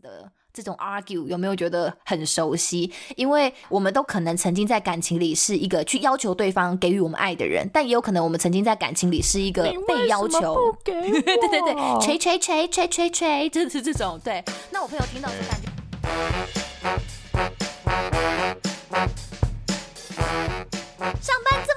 的這種 argue 有沒有覺得很熟悉？因為我們都可能曾經在感情裡是一個去要求對方給予我們愛的人，但也有可能我們曾經在感情裡是一個被要求。給 對對對，錘錘錘錘錘錘，就是這種，對。那我朋友聽到是感覺上班。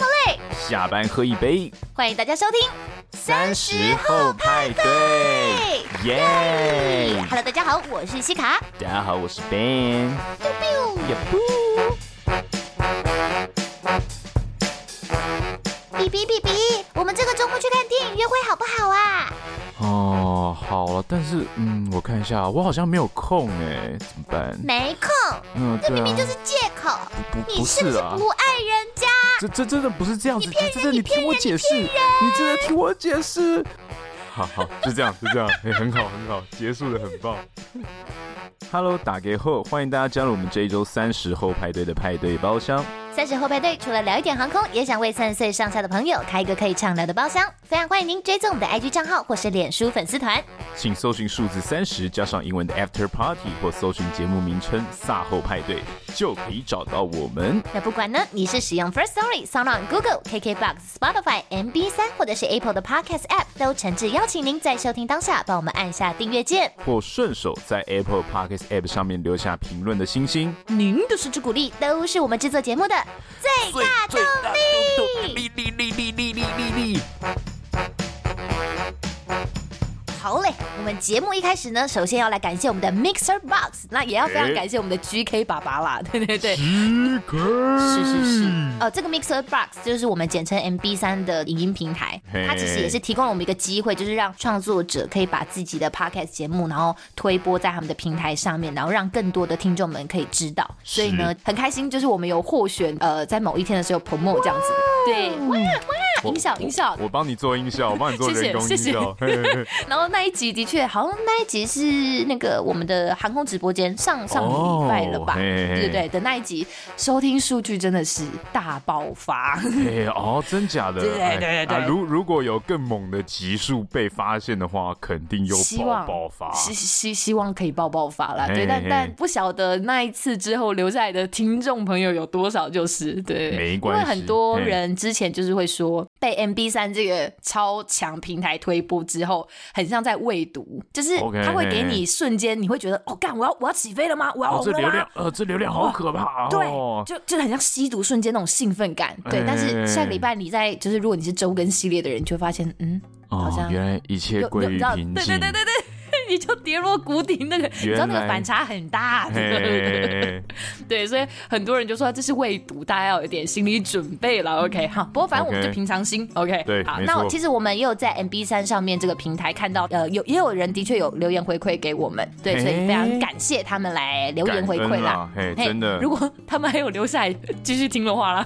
下班喝一杯，歡迎大家收聽三十後派對。耶、yeah!，Hello，大家好，我是西卡。大家好，我是 Ben。嗶嗶嗶嗶，我們這個週末去看電影約會好不好啊？哦 Yep.、呃，好了，但是嗯，我看一下，我好像沒有空哎，怎麼辦？沒空。嗯、呃，啊、這明明就是借口。不不，是你是不是不愛人？這這真的不是這樣子，這這，這你聽我解釋，你，你，你真的聽我解釋。好好，就這樣，就這樣，欸、很好，很好，結束得很棒。 Hello，打給後，歡迎大家加入我們這一周三十後派對的派對包廂。三十後派對除了聊一點航空，也想為三十歲上下的朋友開一個可以暢聊的包廂。非常歡迎您追蹤我們的 IG 賬號或是臉書粉絲團，請搜尋數字三十加上英文的 After Party，或搜尋節目名稱“卅後派對”，就可以找到我們。那不管呢，你是使用 First Story、Sound On、Google、KK Box、Spotify、MB 三，或者是 Apple 的 Podcast App，都誠摯邀請您在收聽當下幫我們按下訂閱鍵，或順手在 Apple Podcast App 上面留下評論的星星。您的支持鼓勵都是我們製作節目的。最大動力！力力力力力力力力！好嘞，我們節目一開始呢，首先要來感謝我們的 Mixer Box，那也要非常感謝我們的 GK 爸爸啦，嘿對對對間是是是，呃，這個 Mixer Box 就是我們簡稱 MB 三的影音平台，嘿它其實也是提供了我們一個機會，就是讓創作者可以把自己的 podcast 節目，然後推播在他們的平台上面，然後讓更多的聽眾們可以知道。是所以呢，很開心，就是我們有獲選，呃，在某一天的時候 promote 這樣子，哇對。哇、嗯。音效，音效，我幫你做音效，我幫你做 謝謝，謝謝。然後那一集的確，好像那一集是那個我們的航空直播間上上個禮拜了吧？哦、對，對對，的那一集收聽數據真的是大爆發。哎嘿 哦，真假的，對對對，對、啊啊、如果如果有更猛的集數被發現的話，肯定有爆爆發，希希希望可以爆爆發啦。嘿嘿對，但但不曉得那一次之後留下來的聽眾朋友有多少，就是對，沒關係。因為很多人之前就是會說。被 MB 三這個超強平台推播之後，很像在餵毒，okay, 就是他會給你瞬間，你會覺得、欸、哦幹，我要我要起飛了嗎？我要紅了嗎、哦這流量？呃，這流量好可怕啊、哦哦！對，就就很像吸毒瞬間那種興奮感。欸、對，但是下個禮拜你在就是如果你是周更系列的人，你就會發現嗯，好像、哦。原來一切歸於平靜。對，對對對對對。你就跌落谷底，那個你知道那個反差很大，對，所以很多人就說這是未讀，大家要有一點心理準備了。OK，好，不過反正我們就平常心。OK，好。那其實我們也有在 MB 三上面這個平台看到，呃，有也有人的確有留言回饋給我們，對，所以非常感謝他們來留言回饋啦，真的。如果他們還有留下來繼續聽的話啦，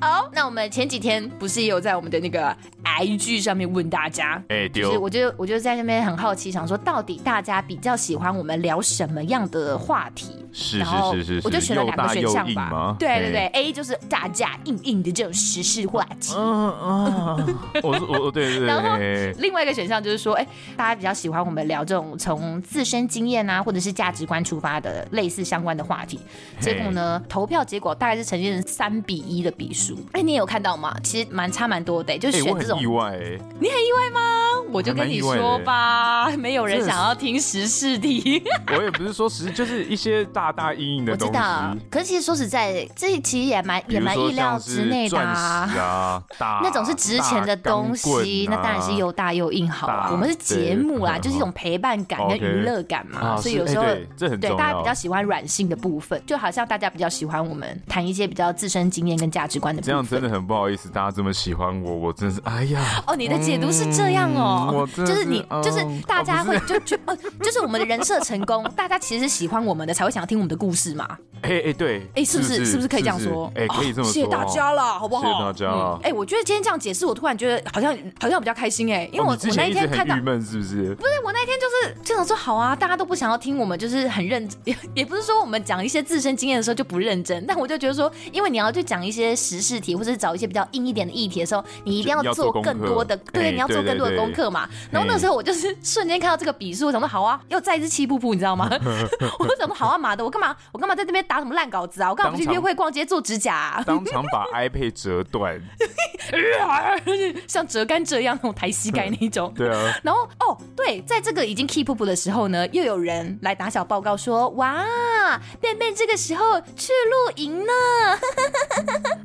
好，那我們前幾天不是也有在我們的那個 IG 上面問大家，哎，對，我覺得我覺得在那邊很好奇。想說到底，大家比較喜歡我們聊什麼樣的話題？是，是是是是，我就選了兩個選項吧。又又對對對、欸、，A 就是大家硬硬的這種時事話題。啊啊、 我我對對，對然後另外一個選項就是說，哎、欸，大家比較喜歡我們聊這種從自身經驗啊，或者是價值觀出發的類似相關的話題。結果呢，欸、投票結果大概是呈現三比一的比數。哎、欸，你也有看到嗎？其實蠻差蠻多的，欸，就選這種、欸、我很意外，欸。你很意外嗎？我就跟你說吧。沒有人想要聽時事的，我也不是說時就是一些大大硬硬的，我知道，可是其實說實在，這其實也蠻也蠻意料之內的。那種是值錢的東西，那當然是又大又硬好了。我們是節目啦，就是一種陪伴感，跟娛樂感嘛，所以有時候，對，大家比較喜歡軟性的部分，就好像大家比較喜歡我們談一些比較自身經驗跟價值觀的部分。這樣真的很不好意思，大家這麼喜歡我，我真是哎呀！哦，你的解讀是這樣哦，就是你就是大家。不 大家會就就就是我們的人設成功， 大家其實喜歡我們的，才會想要聽我們的故事嘛。哎哎、欸欸、對，哎、欸、是不是是不是可以這樣說？哎、欸、可以這麼說。哦、謝謝大家了，好不好？謝謝大家。哎、嗯欸，我覺得今天這樣解釋，我突然覺得好像好像比較開心哎、欸，因為我、哦、我那一天看到，鬱悶是不是？不是我那一天就是經常說好啊，大家都不想要聽，我們就是很認真，也也不是說我們講一些自身經驗的時候就不認真，但我就覺得說，因為你要去講一些時事題或者是找一些比較硬一點的議題的時候，你一定要做更多的對，你要做更多的功課嘛。對對對對，然後那時候我就是瞬間。看到這個筆數，怎麼好啊，又再一次氣噗噗，你知道嗎？ 我都講說好啊媽的，我幹嘛？我幹嘛在那邊打什麼爛稿子啊？我幹嘛去不去約會、逛街、做指甲、當場？當場把 iPad 折斷， 像折甘蔗一樣那種抬膝蓋那種。那種 對啊，然後哦，對，在這個已經氣噗噗的時候呢，又有人來打小報告說，哇，便便這個時候去露營了。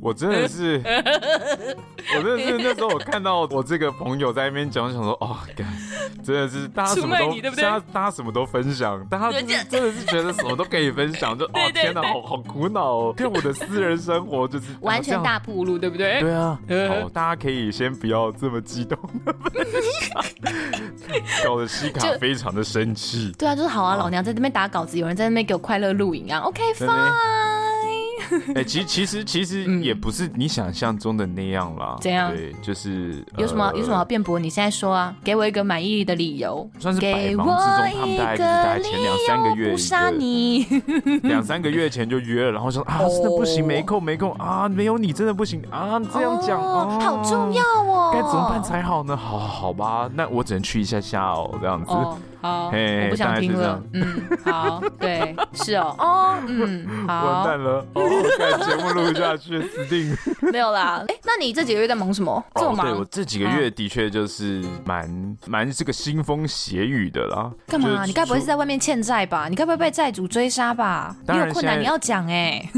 我真的是，我真的是那時候我看到我這個朋友在那邊講，想說哦，真的是大。他什麼都，現在大家什麼都分享，大家真的是覺得什麼都可以分享，就哦 對、啊、天哪，好好苦惱哦，因為我的私人生活就是、啊、完全大鋪路，對不對？對啊，呵呵，好，大家可以先不要這麼激動的， 搞得西卡就非常的生氣。對啊，就是好啊，老娘在這邊打稿子，有人在那邊給我快樂錄影啊，OK，放。對對哎，其其實其實也不是你想象中的那樣啦。這樣？對，就是有什麼有什麼好辯駁？你現在說啊，給我一個滿意的理由。算是百忙之中，他們大概前兩三個月，兩三個月前就約了，然後說啊，真的不行，沒空沒空啊，沒有你真的不行啊，這樣講哦，好重要哦，該怎麼辦才好呢？好，好吧，那我只能去一下下哦。這樣子。好，我不想聽了。嗯，好，對，是哦，哦，嗯，好，完蛋了。節目錄下去了，死定了沒有啦。哎、欸，那你這幾個月在忙什麼？這麼忙、哦？我這幾個月的確就是蠻蠻這個腥風血雨的啦。幹嘛、啊？就你該不會是在外面欠債吧？你該不會被債主追殺吧？當然你有困難你要講哎、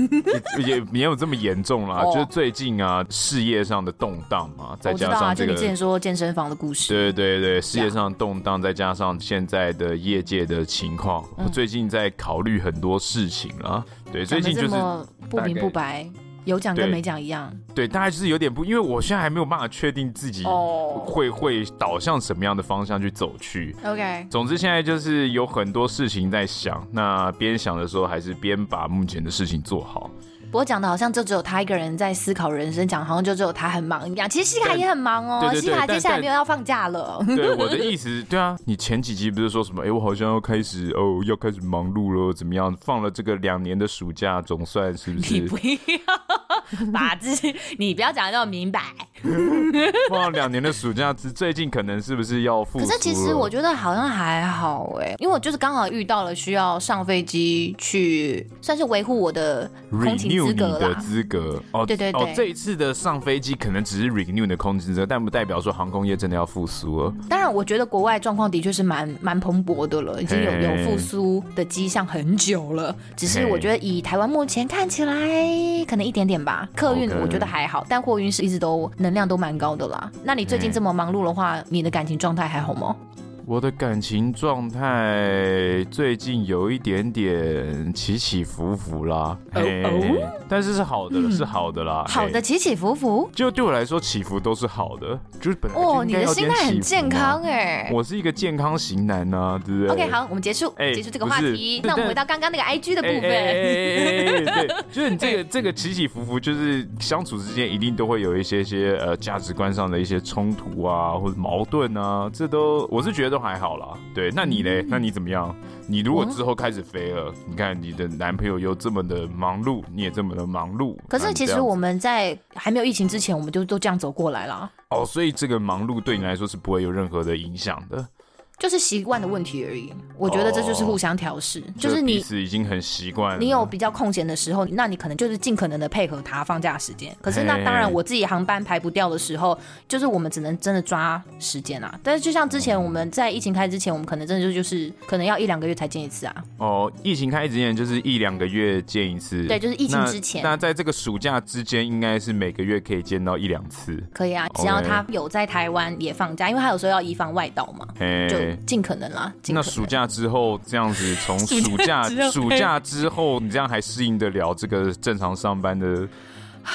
欸，也沒有這麼嚴重啦。Oh. 就是最近啊，事業上的動盪嘛，再加上這個我、啊、你之前說健身房的故事。對對對對，事業上的動盪，再加上現在的業界的情況，我 Yeah.、嗯、最近在考慮很多事情啦。對，最近就是不明不白，概有講跟沒講一樣，對。對，大概就是有點不，因為我現在還沒有辦法確定自己會、oh. 會導向什麼樣的方向去走去。OK，總之現在就是有很多事情在想，那邊想的時候還是邊把目前的事情做好。不過講的好像就只有他一個人在思考人生，講好像就只有他很忙一樣。其實西卡也很忙哦，對對對，西卡接下來沒有要放假了。對，我的意思，對啊，你前幾集不是說什麼？哎、欸，我好像要開始哦，要開始忙碌了，怎麼樣？放了這個兩年的暑假，總算是不是？你不要把自己，你不要講的那麼明白。 放了兩年的暑假，最近可能是不是要復。可是其實我覺得好像還好哎、欸，因為我就是剛好遇到了需要上飛機去，算是維護我的空氣資格的資格哦，對對對，這一次的上飛機可能只是 renew 的空職，但不代表說航空業真的要復甦了。當然，我覺得國外狀況的確是蠻蠻蓬勃的了，已經有有復甦的跡象很久了。只是我覺得以台灣目前看起來可能一點點吧，客運我覺得還好，但貨運是一直都能量都蠻高的啦。那你最近這麼忙碌的話，你的感情狀態還好嗎？我的感情狀態最近有一點點起起伏伏啦，哎，但是是好的，是好的啦，好的起起伏伏，就對我來說起伏都是好的，就是本來哦。你的心態很健康哎。我是一個健康型男呢，對不對？OK，好，我們結束，哎，結束這個話題，那我們回到剛剛那個 IG 的部分，對，就是你這個這個起起伏伏，就是相處之間一定都會有一些些呃價值觀上的一些衝突啊，或者矛盾啊，這都我是覺得。還好啦，對，那你呢？嗯、那你怎麼樣？你如果之後開始飛了，嗯、你看你的男朋友又這麼的忙碌，你也這麼的忙碌。可是其實我們在還沒有疫情之前，我們就都這樣走過來了。哦，所以這個忙碌對你來說是不會有任何的影響的。就是習慣的問題而已，我覺得這就是互相調試。Oh, 就是你彼此已經很習慣。你有比較空閒的時候，那你可能就是盡可能的配合他放假時間。可是那當然，我自己航班排不掉的時候，Hey. 就是我們只能真的抓時間啊。但是就像之前我們在疫情開之前，我們可能真的就是、oh. 可能要一兩個月才見一次啊。哦，oh, 疫情開之前就是一兩個月見一次。對，就是疫情之前。那，那在這個暑假之間，應該是每個月可以見到一兩次。可以啊，只要他有在台灣也放假，Okay. 因為他有時候要移防外島嘛，哎。Hey. 盡可能啦，盡可能。那暑假之後這樣子，從暑假 暑假之後，你這樣還適應得了這個正常上班的？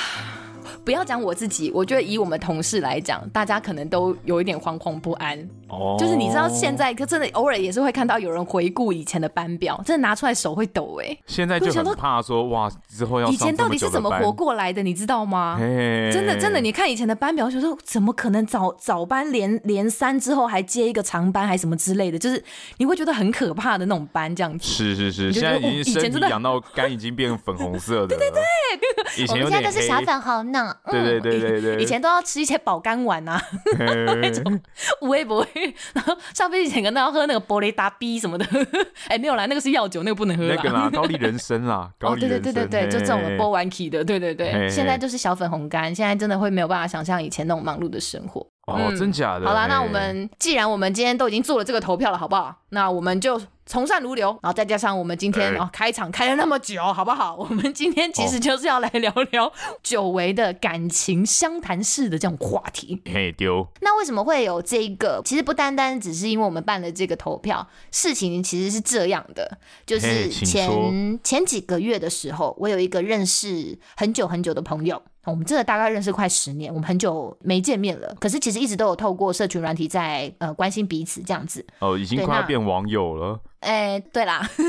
不要講我自己，我覺得以我們同事來講，大家可能都有一點惶惶不安。哦，就是你知道現在，可真的偶爾也是會看到有人回顧以前的班表，真的拿出來手會抖哎、欸。現在就很怕說哇，之後要班以前到底是怎麼活過來的，你知道嗎？真的 Hey. 真的，真的你看以前的班表，就是怎麼可能早早班連連三之後還接一個長班，還什麼之類的，就是你會覺得很可怕的那種班這樣子。是是是，現在已經養到肝已經變粉紅色的。對對對，我們現在都是小粉紅呢。對對對對對，以前，以前都要吃一些保肝丸啊那種。Hey. 我也不會。 然後上飛機前可能要喝那個保力達 B 什麼的、 欸，哎，沒有啦，那個是藥酒，那個不能喝、啊。 那個啦，高麗人參啦，高麗人參、哦。對對對對對，對，嘿嘿嘿就這種波 v 完 n k e 的，對對對。嘿嘿現在就是小粉紅干，現在真的會沒有辦法想象以前那種忙碌的生活。哦，嗯、真假的。好啦，嘿嘿那我們既然我們今天都已經做了這個投票了，好不好？那我們就。從善如流，然後再加上我們今天啊、哎、開場開了那麼久，好不好？我們今天其實就是要來聊聊久違的感情相談式的這種話題。嘿，丟、哦。那為什麼會有這一個？其實不單單只是因為我們辦了這個投票，事情其實是這樣的，就是前前幾個月的時候，我有一個認識很久很久的朋友，我們真的大概認識快十年，我們很久沒見面了，可是其實一直都有透過社群軟體在呃關心彼此這樣子。哦，已經快要變網友了。哎、欸，對啦，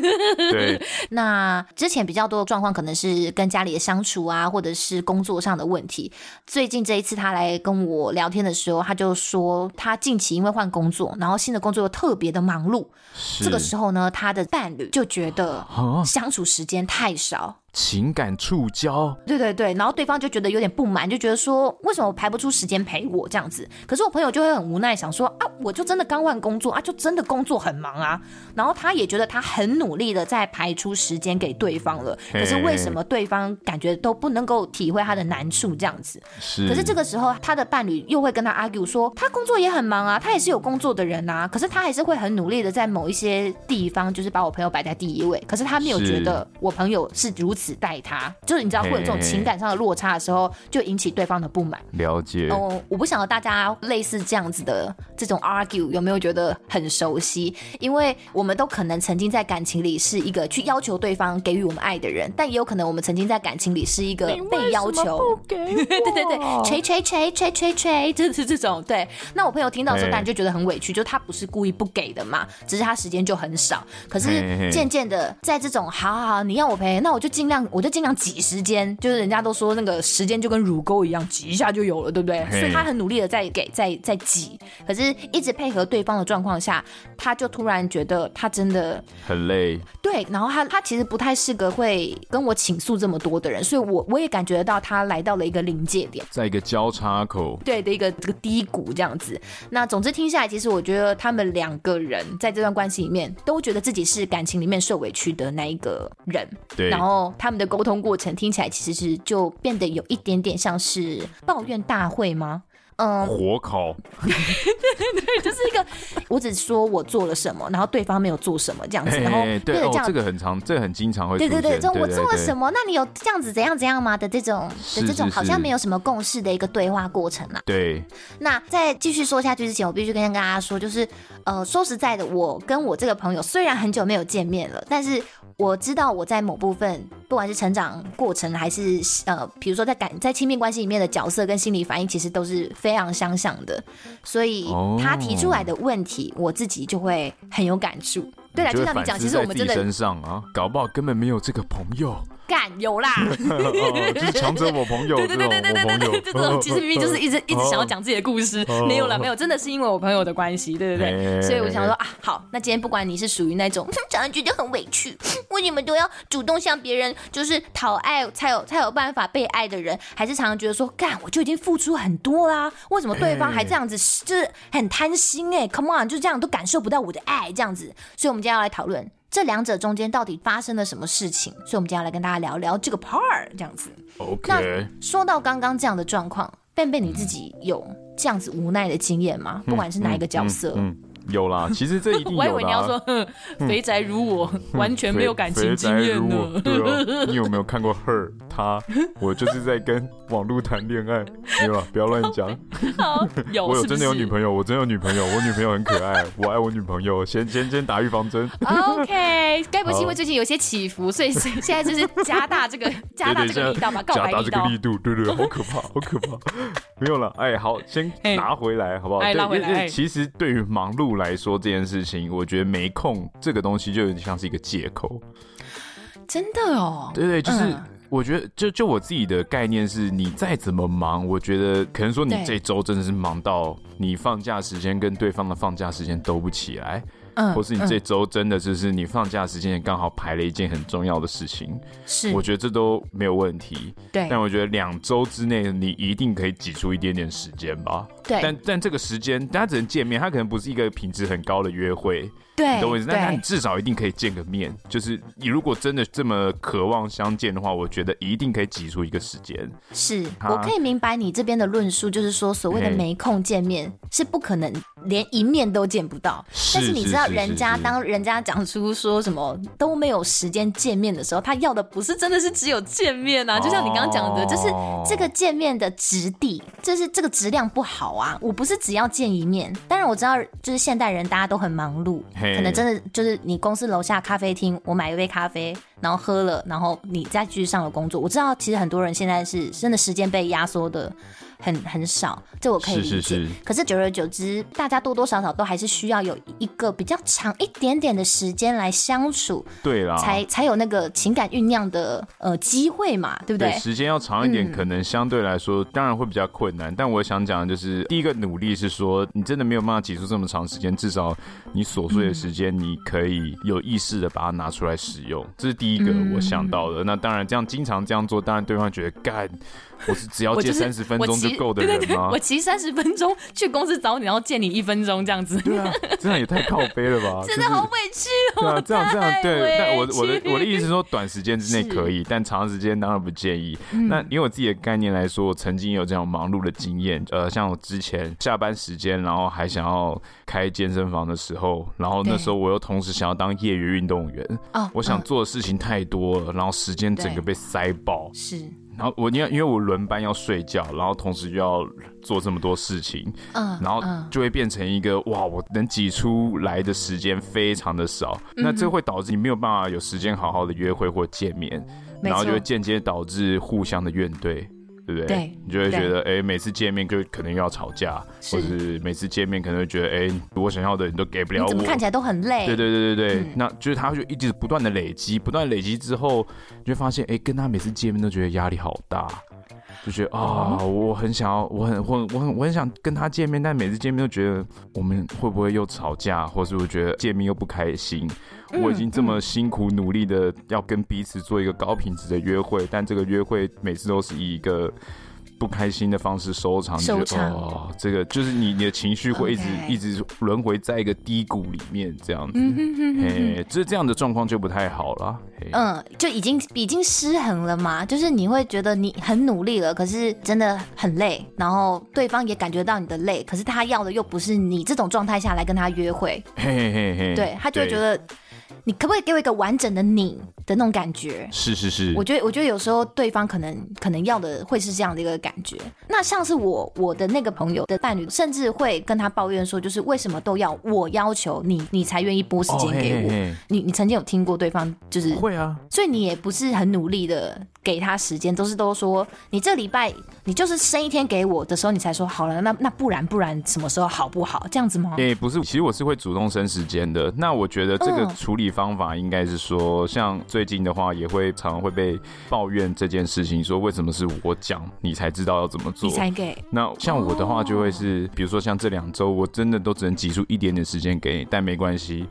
對，那之前比較多的狀況可能是跟家裡的相處啊，或者是工作上的問題。最近這一次他來跟我聊天的時候，他就說他近期因為換工作，然後新的工作又特別的忙碌，是這個時候呢，他的伴侶就覺得相處時間太少。啊情感觸礁，對對對，然後對方就覺得有點不滿，就覺得說為什麼我排不出時間陪我這樣子？可是我朋友就會很無奈，想說啊，我就真的剛換工作啊，就真的工作很忙啊。然後他也覺得他很努力的在排出時間給對方了，可是為什麼對方感覺都不能夠體會他的難處這樣子？是。可是這個時候他的伴侶又會跟他 argue 說，他工作也很忙啊，他也是有工作的人啊，可是他還是會很努力的在某一些地方就是把我朋友擺在第一位，可是他沒有覺得我朋友是如此。指代他，就是你知道，會有這種情感上的落差的時候，就引起對方的不滿。了解哦，oh, 我不想要大家類似這樣子的這種 argue，有沒有覺得很熟悉？因為我們都可能曾經在感情裡是一個去要求對方給予我們愛的人，但也有可能我們曾經在感情裡是一個被要求，不給。 對對對，錘錘錘錘錘真的是這種，對。那我朋友聽到之後，當然就覺得很委屈，Hey. 就他不是故意不給的嘛，只是他時間就很少。可是漸漸的，在這種好 Hey. 好好，你要我陪，那我就盡量。我就經常擠時間，就是人家都說那個時間就跟乳溝一樣，擠一下就有了，對不對？Hey. 所以他很努力的在給在在擠，可是一直配合對方的狀況下，他就突然覺得他真的很累。對，然後他他其實不太適合會跟我傾訴這麼多的人，所以我我也感覺得到他來到了一個臨界點，在一個交叉口，對的一個這個低谷這樣子。那總之聽下來，其實我覺得他們兩個人在這段關係裡面都覺得自己是感情裡面受委屈的那一個人，對，然後。他們的溝通過程聽起來其實是就變得有一點點像是抱怨大會嗎？嗯，火烤， 對對對，就是一個我只說我做了什麼，然後對方沒有做什麼這樣子，欸欸欸然後變對的這樣，這個很常，這個、很經常會，對對對，就我做了什麼，對對對那你有這樣子怎樣怎樣嗎的這種是是是的這種好像沒有什麼共識的一個對話過程嘛、啊？對。那在繼續說下去之前，我必須跟跟大家說，就是呃，說實在的，我跟我這個朋友雖然很久沒有見面了，但是。我知道我在某部分，不管是成長過程，還是呃，比如說在感，在親密關係裡面的角色跟心理反應，其實都是非常相像的。所以他提出來的問題，Oh. 我自己就會很有感觸。對，來就像你講，你其實我們真的身上啊，搞不好根本沒有這個朋友。幹有啦， 就是強者我朋友，對對對對對對對，對，對，對， 這種其實明明就是一直一直想要講自己的故事， 沒有了沒有，真的是因為我朋友的關係，對對對，嘿嘿嘿，所以我想說啊，好，那今天不管你是屬於那種常常覺得很委屈，為什麼都要主動向別人就是討愛才有才有辦法被愛的人，還是常常覺得說，幹我就已經付出很多啦，為什麼對方還這樣子就是很貪心哎、欸、嘿，Come on，就這樣都感受不到我的愛這樣子，所以我們今天要來討論。這兩者中間到底發生了什麼事情？所以，我們今天要來跟大家聊聊這個 part，這樣子。OK。那說到剛剛這樣的狀況，變變你自己有這樣子無奈的經驗嗎？嗯、不管是哪一個角色？嗯嗯嗯嗯有啦，其實這一定有啦。我以為你要說肥宅如我、嗯、完全沒有感情經驗如我。對、啊、你有沒有看過 Her？他我就是在跟網絡談戀愛。沒有啊，不要亂講。有，是是我有真的有女朋友，我真的有女朋友，我女朋友很可愛，我愛我女朋友。先先先打預防針。OK，該不是好因為最近有些起伏，所以現在就是加大這個加大這個力度嘛，告白加大這個力度，對對對，好可怕，好可怕。沒有了，哎、欸，好，先拿回來、欸、好不好？欸、對拿回來。其實對於忙碌來說這件事情，我覺得沒空這個東西就有點像是一個借口，真的哦。對對，就是、嗯、我覺得，就就我自己的概念是，你再怎麼忙，我覺得可能說你這周真的是忙到你放假時間跟對方的放假時間兜不起來，嗯，或是你這周真的就是你放假時間也剛好排了一件很重要的事情，是，我覺得這都沒有問題。對，但我覺得兩周之內你一定可以擠出一點點時間吧。對但但這個時間，他只能見面，他可能不是一個品質很高的約會，對你懂我意思。對但是你至少一定可以見個面，就是你如果真的這麼渴望相見的話，我覺得一定可以擠出一個時間。是他我可以明白你這邊的論述，就是說所謂的沒空見面是不可能連一面都見不到。是，但是你知道，人家當人家講出說什麼都沒有時間見面的時候，他要的不是真的是只有見面啊？哦、就像你剛剛講的，就是這個見面的質地，就是這個質量不好。我不是只要見一面，但是我知道，就是現代人大家都很忙碌，Hey. 可能真的就是你公司樓下咖啡廳，我買一杯咖啡，然後喝了，然後你再繼續上了工作。我知道，其實很多人現在是真的時間被壓縮的。很很少，這我可以理解。是是是，可是久而久之，大家多多少少都還是需要有一個比較長一點點的時間來相處，對啦，才才有那個情感醞釀的呃機會嘛，對不對，對？時間要長一點，嗯、可能相對來說，當然會比較困難。但我想講的就是，第一個努力是說，你真的沒有辦法擠出這麼長時間，至少你瑣碎的時間你可以有意識的把它拿出來使用，嗯、這是第一個我想到的。嗯、那當然，這樣經常這樣做，當然對方覺得干。我是只要借三十分鐘就夠的人嗎？我騎三十分鐘去公司找你，然後借你一分鐘這樣子。 對啊，這樣也太靠北了吧！真的好委屈。委屈對啊，這樣這樣對，但我的我的我的意思是說，短時間之內可以，是但長時間當然不建議。嗯、那以我自己的概念來說，我曾經有這樣忙碌的經驗。呃，像我之前下班時間，然後還想要開健身房的時候，然後那時候我又同時想要當業餘運動員。哦對，我想做的事情太多了，對然後時間整個被塞爆。是。然後我因為因為我輪班要睡覺，然後同時就要做這麼多事情，嗯，uh, 然後就會變成一個、uh. 哇，我能擠出來的時間非常的少，uh huh. 那這會導致你沒有辦法有時間好好的約會或見面，沒錯。然後就會間接導致互相的怨懟。對不對？對，你就會覺得，哎對、欸，每次見面就可能要吵架，是或是每次見面可能會覺得，哎、欸，我想要的你都給不了我。怎麼看起來都很累？對，對對對對對，嗯、那就是他，就一直不斷的累積，不斷累積之後，你會發現，哎、欸，跟他每次見面都覺得壓力好大。就覺得啊，哦，我很想要，我很，我我很，我很想跟他見面，但每次見面都覺得我們會不會又吵架，或是我覺得見面又不開心。嗯，我已經這麼辛苦努力的要跟彼此做一個高品質的約會，但這個約會每次都是以一個不開心的方式收場，你覺得長哦，這個就是你，你的情緒會一直 Okay. 一直輪迴在一個低谷裡面，這樣子，哎、嗯，這、hey, 這樣的狀況就不太好了。Hey. 嗯，就已經已經失衡了嘛，就是你會覺得你很努力了，可是真的很累，然後對方也感覺到你的累，可是他要的又不是你這種狀態下來跟他約會，hey hey hey, 對，他就會覺得。你可不可以給我一個完整的你的那種感覺？是是是，我覺得我覺得有時候對方可能可能要的會是這樣的一個感覺。那像是我我的那個朋友的伴侶，甚至會跟他抱怨說，就是為什麼都要我要求你，你才願意撥時間給我？Oh, hey, hey, hey. 你你曾經有聽過對方就是不會啊？所以你也不是很努力的。給他時間，都是都說你這禮拜你就是生一天給我的時候，你才說好了。那那不然不然什麼時候好不好？這樣子嗎？也、欸、不是，其實我是會主動生時間的。那我覺得這個處理方法應該是說，嗯、像最近的話，也會常會被抱怨這件事情，說為什麼是我講你才知道要怎麼做？你才給？那像我的話就會是，哦、比如說像這兩周，我真的都只能擠出一點點時間給你，但沒關係。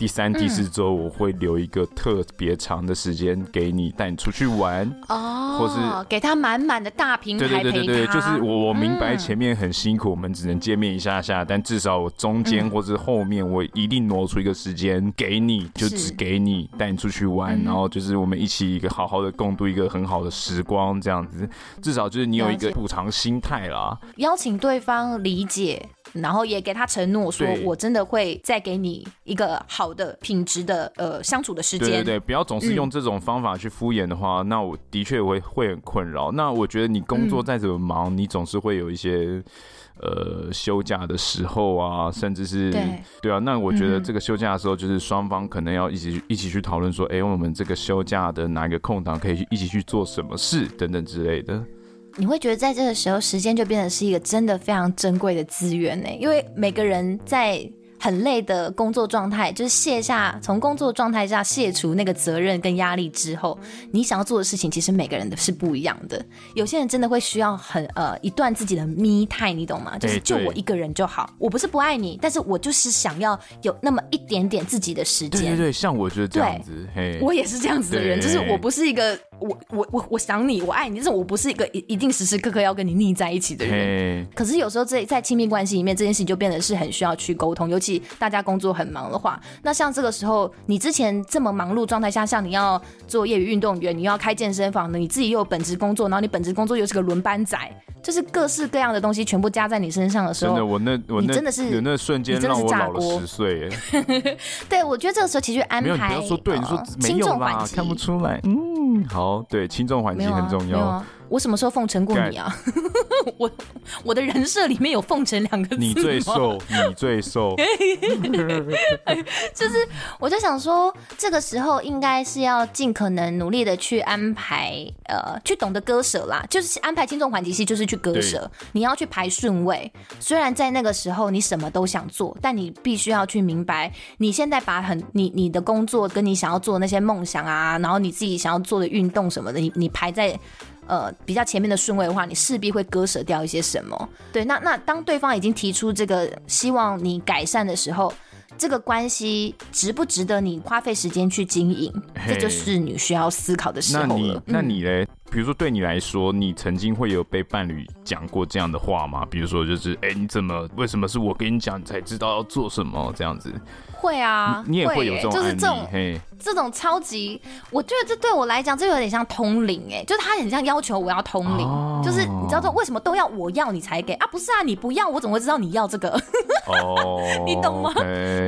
第三、第四週我會留一個特別長的時間給你，帶你出去玩，哦，或是給他滿滿的大屏幕陪伴，對對對，對就是我我明白前面很辛苦，嗯、我們只能見面一下下，但至少我中間或是後面我一定挪出一個時間給你，嗯、就只給你帶你出去玩，是然後就是我們一起一個好好的共度一個很好的時光，這樣子至少就是你有一個補償心態啦。邀請對方理解。然後也給他承諾，說我真的會再給你一個好的品質的呃相處的時間。對，對對，不要總是用這種方法去敷衍的話，嗯、那我的確會會很困擾。那我覺得你工作再怎麼忙，嗯、你總是會有一些呃休假的時候啊，甚至是對，對啊。那我覺得這個休假的時候，就是雙方可能要一起一起去討論說，哎，我們這個休假的哪一個空檔可以去一起去做什麼事等等之類的。你會覺得在這個時候，時間就變得是一個真的非常珍貴的資源呢、欸？因為每個人在很累的工作狀態，就是卸下從工作狀態下卸除那個責任跟壓力之後，你想要做的事情，其實每個人都是不一樣的。有些人真的會需要很呃一段自己的 me time，你懂嗎？就是就我一個人就好。我不是不愛你，但是我就是想要有那麼一點點自己的時間。對對對，像我就這樣子，對嘿我也是這樣子的人，對就是我不是一個。我我我我想你，我愛你。但是我不是一個一一定時時刻刻要跟你膩在一起的人。對 Hey. 可是有時候在在親密關係裡面，這件事情就變得是很需要去溝通。尤其大家工作很忙的話，那像這個時候，你之前這麼忙碌狀態下，像你要做業餘運動員，你要開健身房的，你自己又有本職工作，然後你本職工作又是個輪班仔，就是各式各樣的東西全部加在你身上的時候，真的，我那我真的是那瞬間，你真的是老了十歲。 對，我覺得這個時候其實安排你要說對，你說沒有嘛，看不出來。嗯，好。對，輕重緩急很重要。我什麼時候奉承過你啊？我 我的人設裡面有奉承兩個字嗎？你最瘦，你最瘦， 就是我就想說，這個時候應該是要盡可能努力的去安排，呃，去懂得割捨啦。就是安排輕重緩急，系就是去割捨。對你要去排順位，雖然在那個時候你什麼都想做，但你必須要去明白，你現在把很你你的工作跟你想要做的那些夢想啊，然後你自己想要做的運動什麼的，你你排在。呃，比較前面的順位的話，你勢必會割舍掉一些什麼。對，那那當對方已經提出這個希望你改善的時候，這個關係值不值得你花費時間去經營？Hey, 這就是你需要思考的時候了。那你，那你嘞？嗯比如說，對你來說，你曾經會有被伴侶講過這樣的話嗎？比如說，就是哎、欸，你怎麼為什麼是我跟你講，你才知道要做什麼這樣子？會啊你，你也會有這種就是這種 Hey 這種超級，我覺得這對我來講，這有點像通靈哎，就是他很像要求我要通靈，oh. 就是你知道這種為什麼都要我要你才給啊？不是啊，你不要我怎麼會知道你要這個？哦 ，oh, okay. 你懂嗎？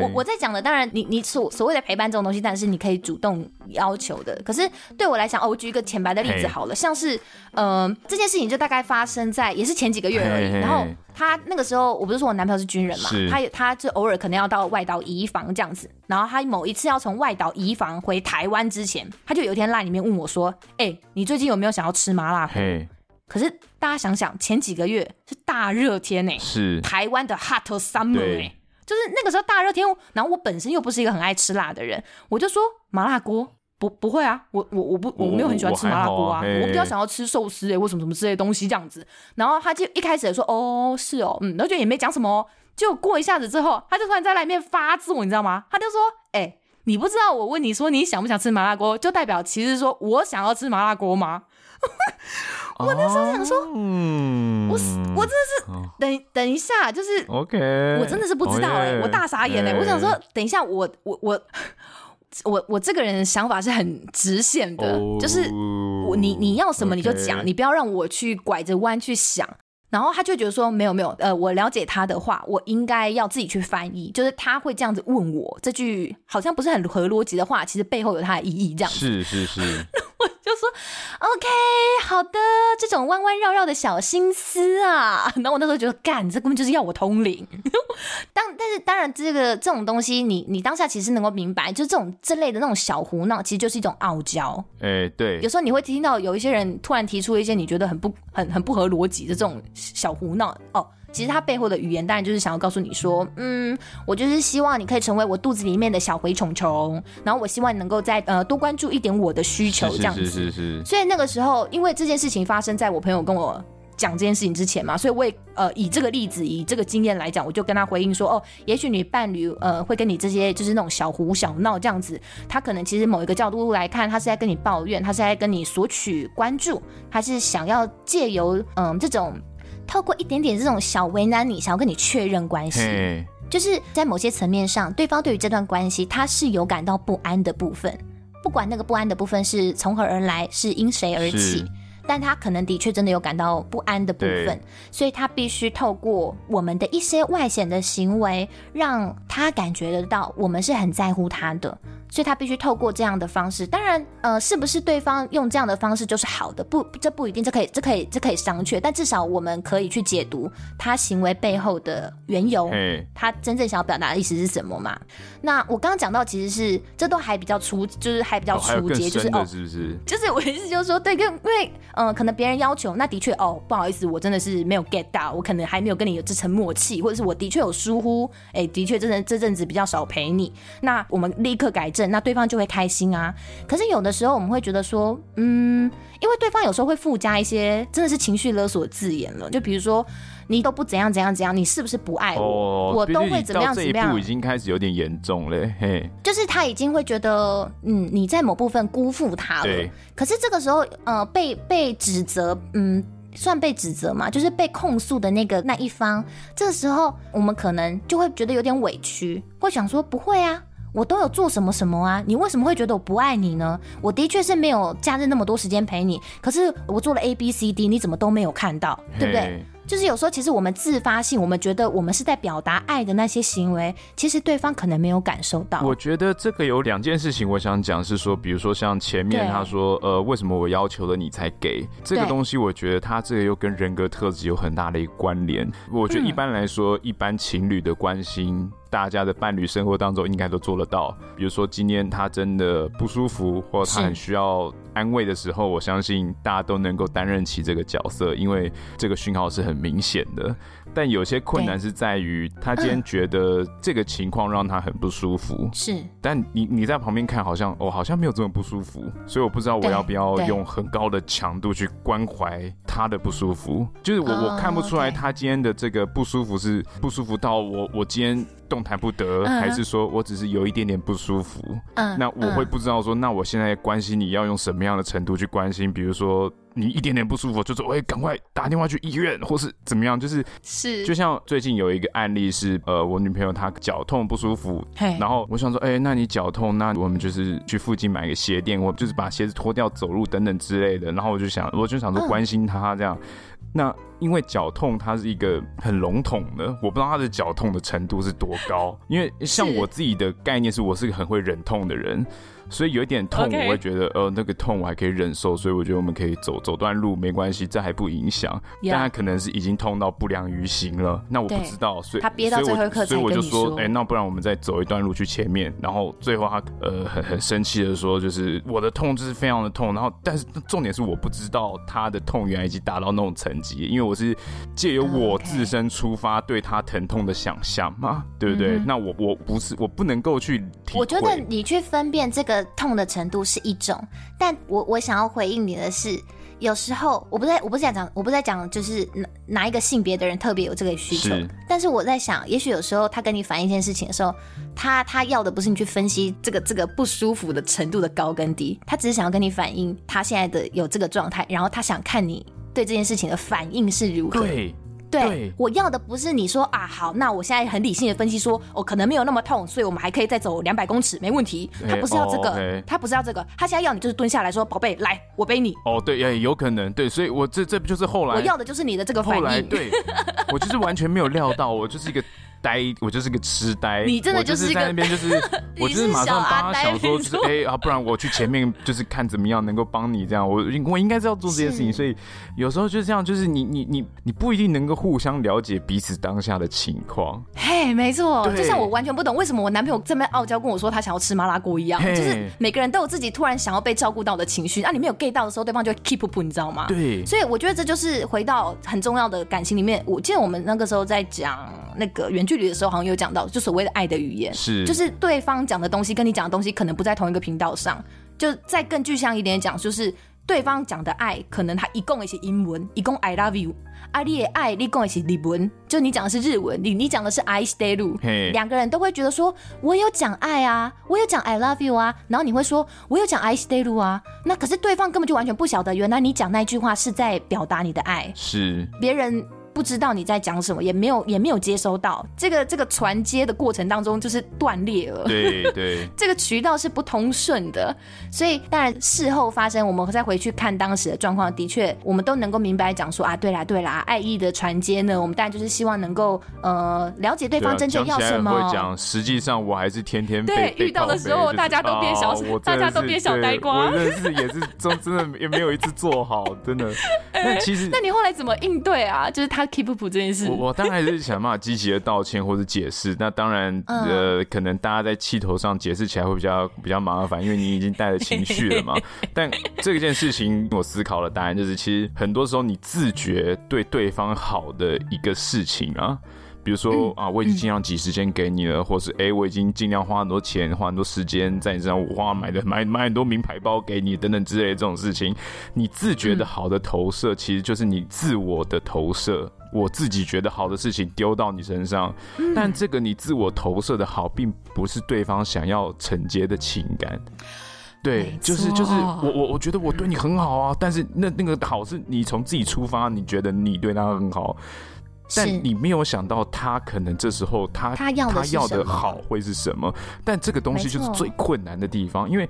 我我在講的當然你，你你所所謂的陪伴這種東西，但是你可以主動要求的。可是對我來講，哦，我舉一個淺白的例子好了。Hey. 像是，嗯、呃，這件事情就大概發生在也是前幾個月而已。嘿嘿然後他那個時候，我不是說我男朋友是軍人嘛，是他他就偶爾可能要到外島移防，這樣子。然後他某一次要從外島移防回台灣之前，他就有一天 LINE 裡面問我說：“哎、欸，你最近有沒有想要吃麻辣鍋？”嘿可是大家想想，前幾個月是大熱天呢、欸，是台灣的 hot summer 哎、欸，對就是那個時候大熱天。然後我本身又不是一個很愛吃辣的人，我就說麻辣鍋。不不會啊，我我我不我沒有很喜歡吃麻辣鍋啊，我比較想要吃壽司哎、欸，或什麼什麼之類的東西這樣子。然後他就一開始也說哦是哦，嗯，然後就也沒講什麼、哦，就過一下子之後，他就突然在那裡面發自我，你知道嗎？他就說哎、欸，你不知道我問你說你想不想吃麻辣鍋，就代表其實說我想要吃麻辣鍋嗎？ 我那時候想說，嗯、oh,，我我真的是等等一下，就是 OK，我真的是不知道、欸 oh、yeah, 我大傻眼哎、欸，yeah. 我想說等一下我我我。我我我這個人的想法是很直線的，oh, 就是我你你要什麼你就講，okay. 你不要讓我去拐着彎去想。然後他就覺得說沒有沒有，呃，我了解他的話，我應該要自己去翻譯。就是他會這樣子問我這句好像不是很合邏輯的話，其實背後有他的意義，這樣是是是。是是 說 ，OK，好的，這種彎彎繞繞的小心思啊，然後我那時候覺得，幹，這根本就是要我通靈。 但但是當然，這個這種東西你，你你當下其實能夠明白，就是、這種這類的那種小胡鬧，其實就是一種傲嬌。哎、欸，對，有時候你會聽到有一些人突然提出一些你覺得很不很很不合邏輯的這種小胡鬧哦。其實他背後的語言，當然就是想要告訴你說，嗯，我就是希望你可以成為我肚子裡面的小蛔蟲蟲，然後我希望你能夠再呃多關注一點我的需求這樣子。是是，是是是是。所以那個時候，因為這件事情發生在我朋友跟我講這件事情之前嘛，所以我也呃以這個例子，以這個經驗來講，我就跟他回應說，哦，也許你伴侶呃會跟你這些就是那種小胡小鬧這樣子，他可能其實某一個角度來看，他是在跟你抱怨，他是在跟你索取關注，他是想要借由嗯、呃、這種。透過一點點這種小為難你，想要跟你確認關係，Hey. 就是在某些層面上，對方對於這段關係他是有感到不安的部分，不管那個不安的部分是從何而來，是因誰而起，是但他可能的確真的有感到不安的部分，對所以他必須透過我們的一些外顯的行為，讓他感覺得到我們是很在乎他的。所以他必須透過這樣的方式，當然，呃，是不是對方用這樣的方式就是好的？不，這不一定，這可以，這可以，這可以商榷。但至少我們可以去解讀他行為背後的緣由，嗯，他真正想要表達的意思是什麼嘛？Hey, 那我剛剛講到，其實是這都還比較初，就是還比較初階，就是哦，是不是？就是哦、就是我意思就是說，對，跟，為因為嗯、呃，可能別人要求，那的確哦，不好意思，我真的是沒有 get 到，我可能還沒有跟你有這層默契，或者是我的確有疏忽，哎、欸，的確這陣這陣子比較少陪你，那我們立刻改正。那對方就會開心啊。可是有的時候我們會覺得說，嗯，因為對方有時候會附加一些真的是情緒勒索字眼了，就比如說你都不怎樣怎樣怎樣，你是不是不愛我？哦、我都會怎麼樣怎麼樣。到這一步已經開始有點嚴重了，嘿。就是他已經會覺得，嗯，你在某部分辜負他了。對可是這個時候，呃，被被指責，嗯，算被指責嘛，就是被控訴的那個那一方，這個時候我們可能就會覺得有點委屈，會想說不會啊。我都有做什麼什麼啊？你為什麼會覺得我不愛你呢？我的確是沒有假日那麼多時間陪你，可是我做了 A B C D，你怎麼都沒有看到，hey, 對不對？就是有時候其實我們自發性，我們覺得我們是在表達愛的那些行為，其實對方可能沒有感受到。我覺得這個有兩件事情我想講，是說比如說像前面他說，對呃，為什麼我要求了你才給這個東西？我覺得他這個又跟人格特質有很大的一個關聯。我覺得一般來說，嗯、一般情侶的關心。大家的伴侶生活當中應該都做得到，比如說今天他真的不舒服，或他很需要安慰的時候，是我相信大家都能夠擔任起這個角色，因為這個訊號是很明顯的。但有些困難是在於，他今天覺得這個情況讓他很不舒服。嗯、是，但你你在旁邊看，好像哦，好像沒有這麼不舒服。所以我不知道我要不要用很高的強度去關懷他的不舒服。就是我我看不出來他今天的這個不舒服是不舒服到我我今天動彈不得，嗯、還是說我只是有一點點不舒服。嗯，那我會不知道說，那我現在關心你要用什麼樣的程度去關心？比如說。你一點點不舒服，就說哎，趕快打電話去醫院，或是怎麼樣？就是是，就像最近有一個案例是，呃，我女朋友她腳痛不舒服，嘿然後我想說，哎，那你腳痛，那我們就是去附近買個鞋墊，我就是把鞋子脫掉走路等等之類的。然後我就想，我就想說關心她這樣。嗯、那因為腳痛，它是一個很籠統的，我不知道她的腳痛的程度是多高。因為像我自己的概念是，是我是個很會忍痛的人。所以有一點痛，我會覺得，Okay. 呃，那個痛我還可以忍受，所以我覺得我們可以走走段路沒關係，這還不影響。Yeah. 但他可能是已經痛到不良於行了，那我不知道，對所以他憋到最後一刻才跟你說。所以我就說。哎、欸，那不然我們再走一段路去前面，然後最後他呃，很很生氣的說，就是我的痛就是非常的痛。然後但是重點是我不知道他的痛原來已經達到那種層級，因為我是借由我自身出發對他疼痛的想象嘛，Okay. 對不對？Mm hmm. 那我我不是我不能夠去體會。我覺得你去分辨這個。痛的程度是一種，但我我想要回應你的是，有時候我不在，我不是在講，我不是在講，就是哪哪一個性別的人特別有這個需求。是但是我在想，也許有時候他跟你反映一件事情的時候，他他要的不是你去分析這個這個不舒服的程度的高跟低，他只是想要跟你反映他現在的有這個狀態，然後他想看你對這件事情的反應是如何。對對，對，我要的不是你說啊，好，那我現在很理性的分析說，哦，可能沒有那麼痛，所以我們還可以再走兩百公尺，沒問題。對他不是要這個，哦 okay、他不是要這個，他現在要你就是蹲下來說，寶貝，來，我背你。哦，對、啊，也有可能，對，所以，我這這不就是後來我要的就是你的這個反應。後來，對，我就是完全沒有料到， 我就是一個。呆，我就是個痴呆。你真的就是，一個就是在那邊，就是 我就是馬上想說，哎、就是欸、啊，不然我去前面就是看怎麼樣能夠幫你這樣。我我應該是要做這件事情，是所以有時候就是這樣，就是你你你你不一定能夠互相了解彼此當下的情況。嘿、hey,，沒錯對，就像我完全不懂為什麼我男朋友這麼傲嬌跟我說他想要吃麻辣鍋一樣，hey, 就是每個人都有自己突然想要被照顧到的情緒。啊，你沒有 get 到的時候，對方就會 keep up 你知道嗎？對，所以我覺得這就是回到很重要的感情裡面。我記得我們那個時候在講那個原。距離的時候，好像有講到，就所謂的愛的語言，是就是對方講的東西跟你講的東西可能不在同一個頻道上。就再更具象一點講，就是對方講的愛，可能他一共一些英文，一共 I love you，而、啊，你也愛你，共一些日文。就你講的是日文，你你講的是愛してる，兩 Hey 個人都會覺得說，我有講愛啊，我有講 I love you 啊，然後你會說，我有講愛してる啊，那可是對方根本就完全不曉得，原來你講那句話是在表達你的愛，是別人。不知道你在講什麼，也沒有也沒有接收到，這個這個傳接的過程當中就是斷裂了，對對呵呵，這個渠道，是不通順的。所以當然事後發生，我們再回去看當時的狀況，的確我們都能夠明白講說啊，對啦對啦，愛意的傳接呢，我們當然就是希望能夠呃了解對方真正要什麼。啊、會講，實際上我還是天天被對被遇到的時候，大家都變小，哦、大家都變小呆瓜。我認也是真 真的也沒有一次做好，真的。那、欸、其實那你後來怎麼應對啊？就是他。keep 這件事，我當然還是想辦法積極的道歉或者解釋。 那當然，呃，可能大家在氣頭上解釋起來會比較比較麻煩，因為你已經帶着情緒了嘛。 但這件事情，我思考的答案就是，其實很多時候你自覺對對方好的一個事情啊。比如說啊，我已經盡量擠時間給你了，嗯嗯、或是哎、欸，我已經盡量花很多錢、花很多時間在你身上，我花買的買買很多名牌包給你，等等之類的這種事情，你自覺的好的投射其實就是你自我的投射，嗯、我自己覺得好的事情丟到你身上，嗯、但這個你自我投射的好，並不是對方想要承接的情感，對，說就是就是我我我覺得我對你很好啊，但是那那個好是你從自己出發，你覺得你對他很好。嗯。但你沒有想到，他可能這時候他他要，他要的好會是什麼？但這個東西就是最困難的地方，沒錯。因為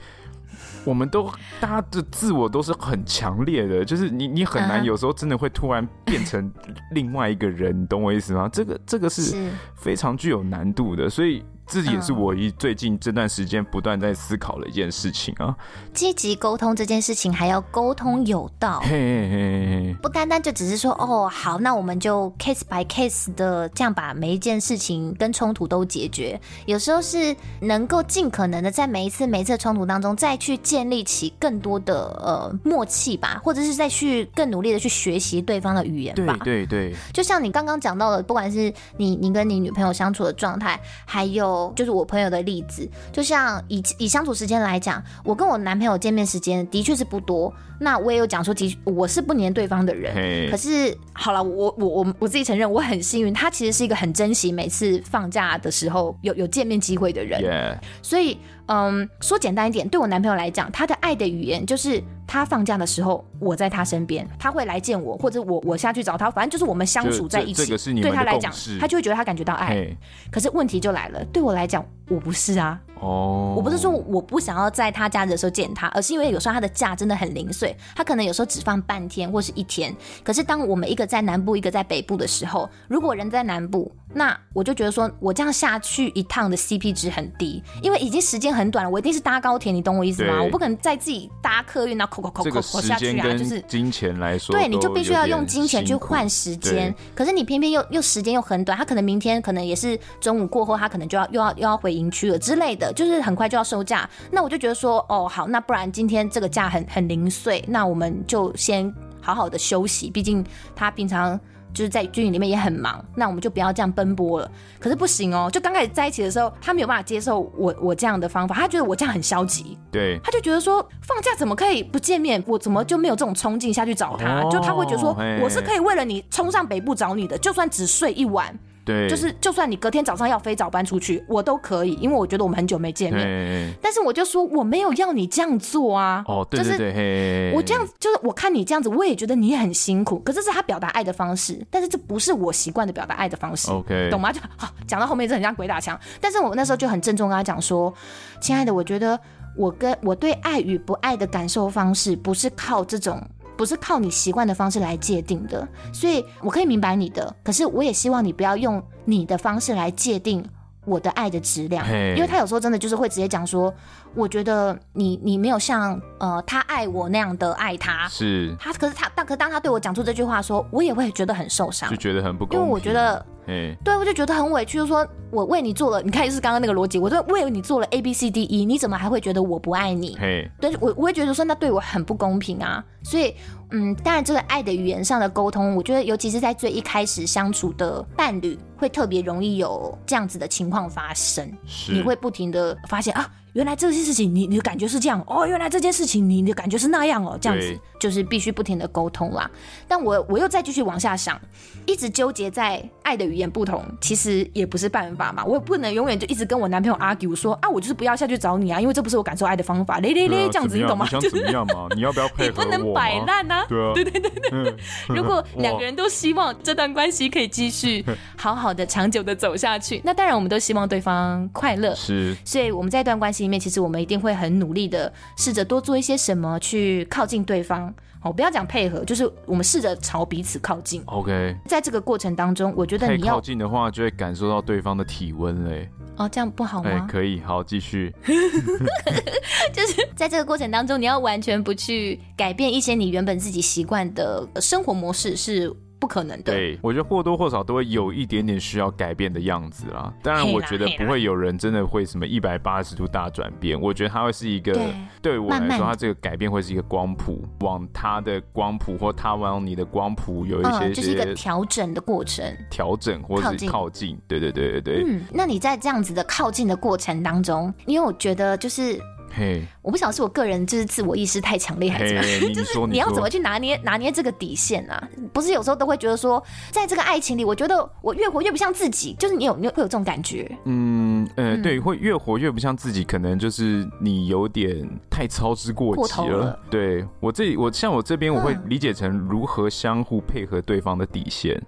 我們都大家的自我都是很強烈的，就是你你很難有時候真的會突然變成另外一個人， 你懂我意思嗎？這個這個是非常具有難度的，所以。自己也是我一最近這段時間不斷在思考的一件事情啊。嗯，積極溝通這件事情，還要溝通有道，hey, hey, hey, hey. 不單單就只是說哦好，那我們就 case by case 的這樣把每一件事情跟衝突都解決。有時候是能夠盡可能的在每一次每一次的衝突當中，再去建立起更多的呃默契吧，或者是再去更努力的去學習對方的語言吧。對對對，對對就像你剛剛講到的，不管是你你跟你女朋友相處的狀態，還有。就是我朋友的例子，就像以以相處時間來講，我跟我男朋友見面時間的確是不多。那我也有講說，的我是不黏對方的人。Hey. 可是好了，我我我我自己承認，我很幸運，他其實是一個很珍惜每次放假的時候有有見面機會的人。Yeah. 所以，嗯，說簡單一點，對我男朋友來講，他的愛的語言就是。他放假的時候，我在他身邊，他會來見我，或者我我下去找他，反正就是我們相處在一起。這個、對他來講，他就會覺得他感覺到愛。嘿可是問題就來了，對我來講，我不是啊。哦，oh, 我不是說我不想要在他家的時候見他，而是因為有時候他的假真的很零碎，他可能有時候只放半天或是一天。可是當我們一個在南部，一個在北部的時候，如果人在南部，那我就覺得說我這樣下去一趟的 CP 值很低，因為已經時間很短了，我一定是搭高鐵，你懂我意思嗎？對我不可能再自己搭客運，那摳摳摳摳下去啊！就是金錢來說，就是，對，你就必須要用金錢去換時間。對可是你偏偏又又時間又很短，他可能明天可能也是中午過後，他可能就要又要又要回營區了之類的。就是很快就要收假，那我就覺得說，哦，好，那不然今天這個假很很零碎，那我們就先好好的休息。畢竟他平常就是在軍營裡面也很忙，那我們就不要這樣奔波了。可是不行哦，就剛開始在一起的時候，他沒有辦法接受我我這樣的方法，他覺得我這樣很消極。對，他就覺得說，放假怎麼可以不見面？我怎麼就沒有這種衝勁下去找他？哦，就他會覺得說，嘿，我是可以為了你衝上北部找你的，就算只睡一晚。.對，就是就算你隔天早上要飛早班出去，我都可以，因為我覺得我們很久沒見面。對但是我就說我沒有要你這樣做啊，哦，對就是我這樣，對對我這樣就是我看你這樣子，我也覺得你很辛苦。可是這是他表達愛的方式，但是這不是我習慣的表達愛的方式，OK，懂嗎？就好，哦，講到後面就很像鬼打牆。但是我那時候就很鄭重跟他講說，親愛的，我覺得我跟我對愛與不愛的感受方式，不是靠這種。不是靠你習慣的方式來界定的，所以我可以明白你的，可是我也希望你不要用你的方式來界定我的愛的質量，Hey. 因為他有時候真的就是會直接講說，我覺得你你沒有像呃他愛我那樣的愛他，是他，是他，可是他但可當他對我講出這句話說，說我也會覺得很受傷，就覺得很不公，因為我覺得。嗯，對我就覺得很委屈，就是說我為你做了，你看就是剛剛那個邏輯，我都為你做了 A B C D E，你怎麼還會覺得我不愛你？Hey. 對我，我會覺得說那對我很不公平啊。所以，嗯，當然這個愛的語言上的溝通，我覺得尤其是在最一開始相處的伴侶，會特別容易有這樣子的情況發生，是你會不停的發現啊。原來這些事情你你的感覺是這樣哦，原來這件事情你你感覺是那樣哦，這樣子就是必須不停的溝通啦。對但我我又再繼續往下想，一直糾結在愛的語言不同，其實也不是辦法嘛。我也不能永遠就一直跟我男朋友 argue 說啊，我就是不要下去找你啊，因為這不是我感受愛的方法。咧咧、啊、這樣子樣你懂嗎？你想怎麼樣嘛？就是、 你要不要配合我？你不能擺爛吶！對啊，對對對對對。如果兩個人都希望這段關係可以繼續好好的、 長久的走下去， 那當然我們都希望對方快樂。是，所以我們在一段關係。裡面其實我們一定會很努力的，試着多做一些什麼去靠近對方。哦，不要講配合，就是我們試着朝彼此靠近。OK，在這個過程當中，我覺得你要靠近的話，就會感受到對方的體溫嘞。哦，這樣不好嗎？欸、可以，好，繼續。 就是在這個過程當中，你要完全不去改變一些你原本自己習慣的生活模式是。不可能的，對，我覺得或多或少都會有一點點需要改變的樣子啦。當然，我覺得不會有人真的會什麼一百八十度大轉變。我覺得他會是一個，對，對我來說，他這個改變會是一個光譜，慢慢往他的光譜或他往你的光譜有一些，些、嗯、就是一個調整的過程，調整或者是靠近，靠近，對對對對對、嗯。那你在這樣子的靠近的過程當中，因為我覺得就是。嘿，hey, 我不想是我個人就是自我意識太強烈，還是什麼？就是你要怎麼去拿捏拿捏這個底線啊？不是有時候都會覺得說，在這個愛情裡，我覺得我越活越不像自己。就是你有你會有這種感覺？嗯、呃，對，會越活越不像自己，可能就是你有點太操之過急了。了，對，我這我像我這邊我會理解成如何相互配合對方的底線。嗯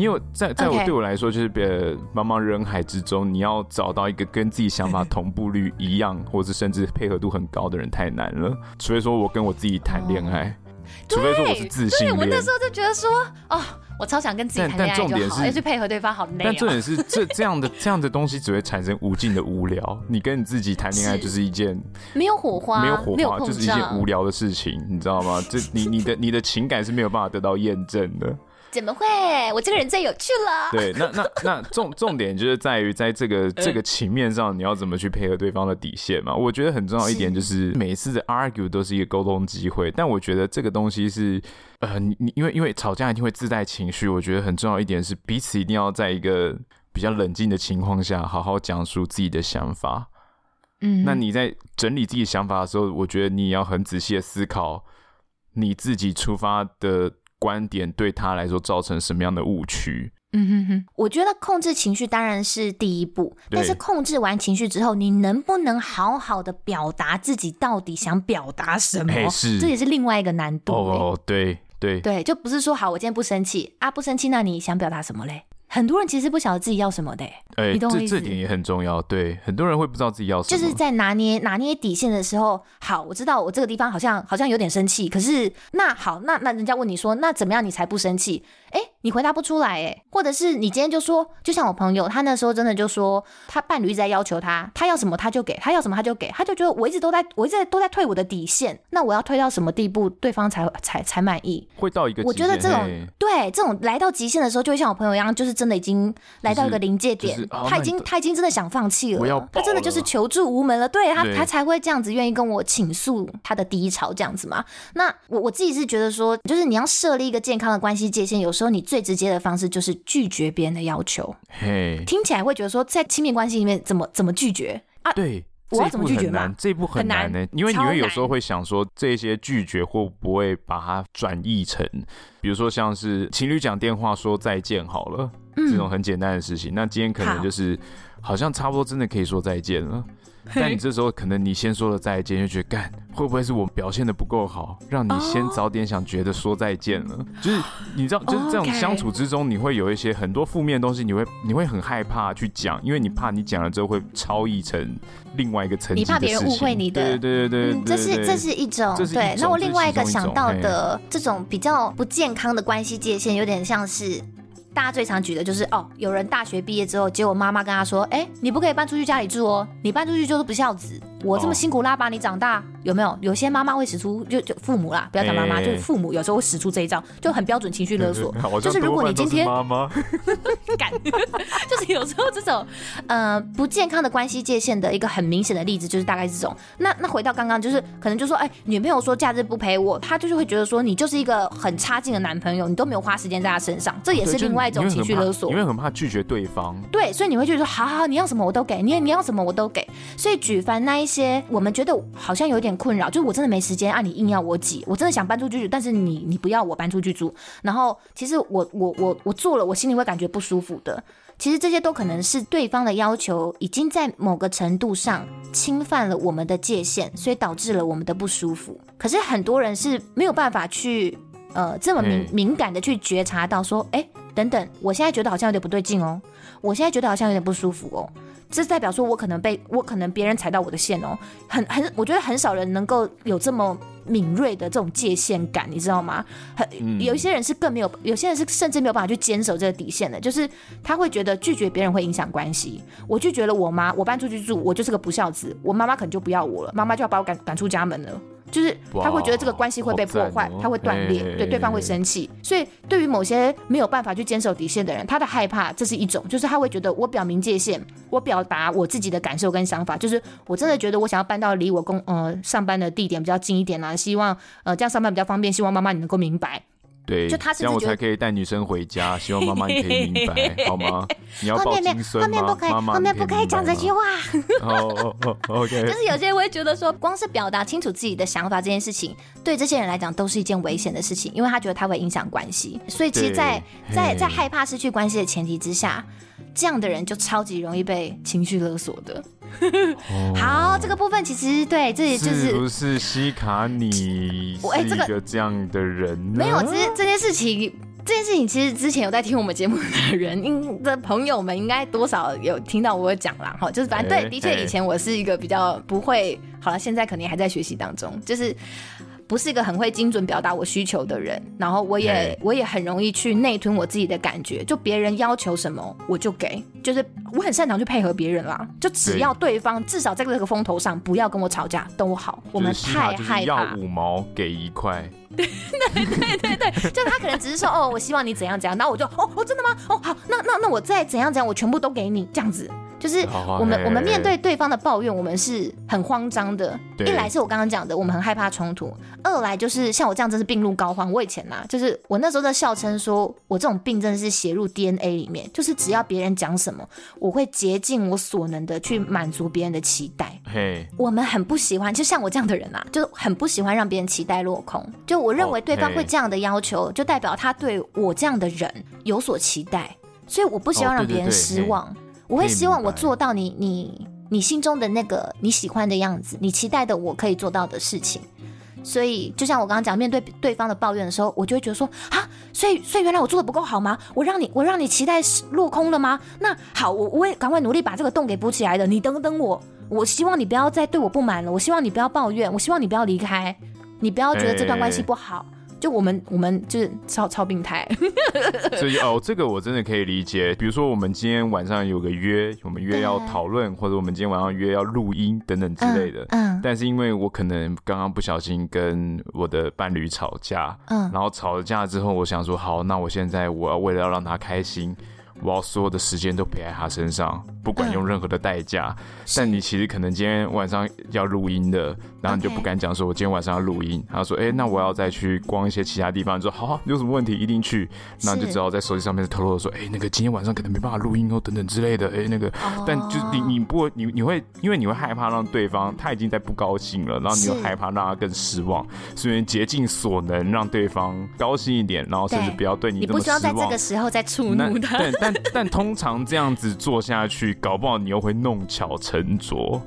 因為在，在在我對我來說，Okay. 就是別茫茫人海之中，你要找到一個跟自己想法同步率一樣， 或者甚至配合度很高的人，太難了。除非說我跟我自己談戀愛，oh. 除非說我是自信對。對，我那時候就覺得說，哦，我超想跟自己談戀愛就好。但但重點是，要去配合對方好累、哦、 但重點是，這這樣的這樣的東西只會產生無盡的無聊。 你跟你自己談戀愛就是一件 沒有火花、沒有火花、沒有碰撞、就是一件無聊的事情，你知道嗎？這你你的你的情感是沒有辦法得到驗證的。怎麼會？我這個人最有趣了。 對，那那那重重點就是在於在這個 這個情面上，你要怎麼去配合對方的底線嘛？我覺得很重要一點就是，每次的 argue 都是一個溝通機會。是但我覺得這個東西是，呃，你你因爲因為吵架一定會自帶情緒，我覺得很重要一點是彼此一定要在一個比較冷靜的情況下，好好講述自己的想法。嗯哼，那你在整理自己的想法的時候，我覺得你也要很仔細的思考你自己出發的。觀點對他來說造成什麼樣的誤區？嗯哼哼，我覺得控制情緒當然是第一步，對，但是控制完情緒之後，你能不能好好的表達自己到底想表達什麼？欸，這也是另外一個難度欸。哦哦，oh，對對對，就不是說好，我今天不生氣啊，不生氣，那你想表達什麼嘞？很多人其實不曉得自己要什麼的、欸，哎、欸，你懂這這點也很重要。對，很多人會不知道自己要什麼。就是在拿捏拿捏底線的時候，好，我知道我這個地方好像好像有點生氣。可是那好，那那人家問你說那怎麼樣你才不生氣？哎、欸，你回答不出來哎、欸，或者是你今天就說，就像我朋友，他那時候真的就說，他伴侶一直在要求他，他要什麼他就給，他要什麼他就給，他就覺得我一直都在，我一直在都在退我的底線。那我要退到什麼地步對方才才才滿意？會到一個我覺得這種嘿對這種來到極限的時候，就會像我朋友一樣，就是。真的已經來到一個臨界點，就是就是哦、他已經你他已經真的想放棄了，了他真的就是求助無門了。對，對他，他才會這樣子願意跟我傾訴他的低潮這樣子嘛？那我我自己是覺得說，就是你要設立一個健康的關係界限，有時候你最直接的方式就是拒絕別人的要求。嘿，Hey, 聽起來會覺得說，在親密關係裡面怎麼怎麼拒絕啊？對，我要怎麼拒絕呢？這一步很難，這一步很難呢、欸？超難。因為你會有時候會想說，這些拒絕會不會把它轉譯成，比如說像是情侶講電話說再見好了。這種很簡單的事情，嗯、那今天可能就是，好像差不多真的可以說再見了。好但你這時候可能你先說了再見，就嘿覺得幹會不會是我表現得不夠好，讓你先早點想覺得說再見了。哦、就是你知道，就是這種相處之中，你會有一些很多負面的東西，你會你會很害怕去講，因為你怕你講了之後會超譯成另外一個層次，你怕別人誤會你的。對對對、對、對、嗯，這是這是一種，是一種對。那我另外一個想到的種對這種比較不健康的關係界限，有點像是。大家最常舉的就是哦，有人大學畢業之後，結果媽媽跟他說：“哎、欸，你不可以搬出去家裡住哦，你搬出去就是不孝子。我這麼辛苦拉把你長大，有沒有？”有些媽媽會使出就就父母啦，不要講媽媽，欸欸就是父母有時候會使出這一招，就很標準情緒勒索。就是如果你今天媽媽敢，是媽媽 就是有時候這種呃不健康的關係界限的一個很明顯的例子，就是大概這種。那那回到剛剛，就是可能就說哎，女、欸、朋友說假日不陪我，她就是會覺得說你就是一個很差勁的男朋友，你都沒有花時間在她身上，嗯、這也是另外。另外一種情緒勒索，因為很怕，怕拒絕對方，對，所以你會覺得說，好好，你要什麼我都給，你你要什麼我都給。所以舉凡那一些，我們覺得好像有點困擾，就是我真的沒時間，啊，你硬要我擠，我真的想搬出去住，但是你你不要我搬出去住，然後其實我我我我做了，我心裡會感覺不舒服的。其實這些都可能是對方的要求已經在某個程度上侵犯了我們的界限，所以導致了我們的不舒服。可是很多人是沒有辦法去呃這麼敏、欸、敏感的去覺察到，說，哎、欸。等等，我現在覺得好像有點不對勁哦，我現在覺得好像有點不舒服哦，這代表說我可能被我可能別人踩到我的線哦，很很，我覺得很少人能夠有這麼敏銳的這種界限感，你知道嗎？很有一些人是更沒有，有些人是甚至沒有辦法去堅守這個底線的，就是他會覺得拒絕別人會影響關係，我拒絕了我媽，我搬出去住，我就是個不孝子，我媽媽可能就不要我了，媽媽就要把我趕趕出家門了。就是他會覺得這個關係會被破壞，他會斷裂，對對方會生氣。所以對於某些沒有辦法去堅守底線的人，他的害怕這是一種，就是他會覺得我表明界限，我表達我自己的感受跟想法，就是我真的覺得我想要搬到離我公呃上班的地點比較近一點啦、啊，希望呃這樣上班比較方便，希望媽媽你能夠明白。對，就他這樣我才可以帶女生回家。希望媽媽你可以明白，好嗎？ 你要抱親孫嗎？媽面，面，面不可以講這句話。OK，就是有些人會覺得說，光是表達清楚自己的想法這件事情，對這些人來講都是一件危險的事情，因為他覺得他會影響關係。所以其實在，對在在嘿在害怕失去關係的前提之下，這樣的人就超級容易被情緒勒索的。 好，哦、這個部分其實對，這也就是、是不是西卡，你哎，這個這樣的人、這個、沒有。其實這件事情，這件事情其實之前有在聽我們節目的人應的朋友們，應該多少有聽到我講啦。哈，就是反正嘿對，的確以前我是一個比較不會，嘿好了，現在肯定還在學習當中，就是不是一個很會精準表達我需求的人。然後我也嘿我也很容易去內吞我自己的感覺，就別人要求什麼我就給，就是我很擅長去配合別人啦，就只要對方至少在這個風頭上不要跟我吵架都好，對我們太害怕。要五毛給一塊，對 對對對對，就他可能只是說 哦，我希望你怎樣怎樣，然後我就哦哦真的嗎？哦好，那那那我再怎樣怎樣，我全部都給你這樣子。就是我們嘿嘿嘿我們面對對方的抱怨，我們是很慌張的。對一來是我剛剛講的，我們很害怕衝突；二來就是像我這樣，真是病入膏肓。我以前吶，就是我那時候在笑稱說，我這種病症是寫入 DNA 裡面，就是只要別人講什麼。什麼？我會竭盡我所能的去滿足別人的期待。Hey. 我們很不喜歡，就像我這樣的人啊，就很不喜歡讓別人期待落空。就我認為對方會這樣的要求，oh, 就代表他對我這樣的人有所期待，所以我不希望讓別人失望。Oh, 對對對，我會希望我做到你、你、你心中的那個你喜歡的樣子，你期待的我可以做到的事情。所以，就像我剛剛講，面對對方的抱怨的時候，我就會覺得說啊，所以，所以原來我做的不夠好嗎？我讓你，我讓你期待落空了嗎？那好，我我會趕快努力把這個洞給補起來的。你等等我，我希望你不要再對我不滿了，我希望你不要抱怨，我希望你不要離開，你不要覺得這段關係不好。嘿嘿嘿就我們，我們就是超超病態。所以哦，這個我真的可以理解。比如說，我們今天晚上有個約，我們約要討論，對或者我們今天晚上約要錄音等等之類的。嗯。嗯，但是因為我可能剛剛不小心跟我的伴侶吵架，嗯，然後吵了架之後，我想說，好，那我現在我要為了要讓他開心，我要所有的時間都陪在他身上，不管用任何的代價。嗯，但你其實可能今天晚上要錄音的。然後你就不敢講，說我今天晚上要錄音。然後 Okay. 說：“哎、欸，那我要再去逛一些其他地方。”你說：“好、哦，有什麼問題一定去。是”那你就只好在手機上面偷偷說：“哎、欸，那個今天晚上可能沒辦法錄音哦，等等之類的。欸”哎，那個，Oh. 但就是你，你不會，你你會，因為你會害怕讓對方他已經在不高興了，然後你又害怕讓他更失望，是所以你竭盡所能讓對方高興一點，然後甚至不要對你對。你不需要在這個時候再觸怒他。但但但通常這樣子做下去，搞不好你又會弄巧成拙。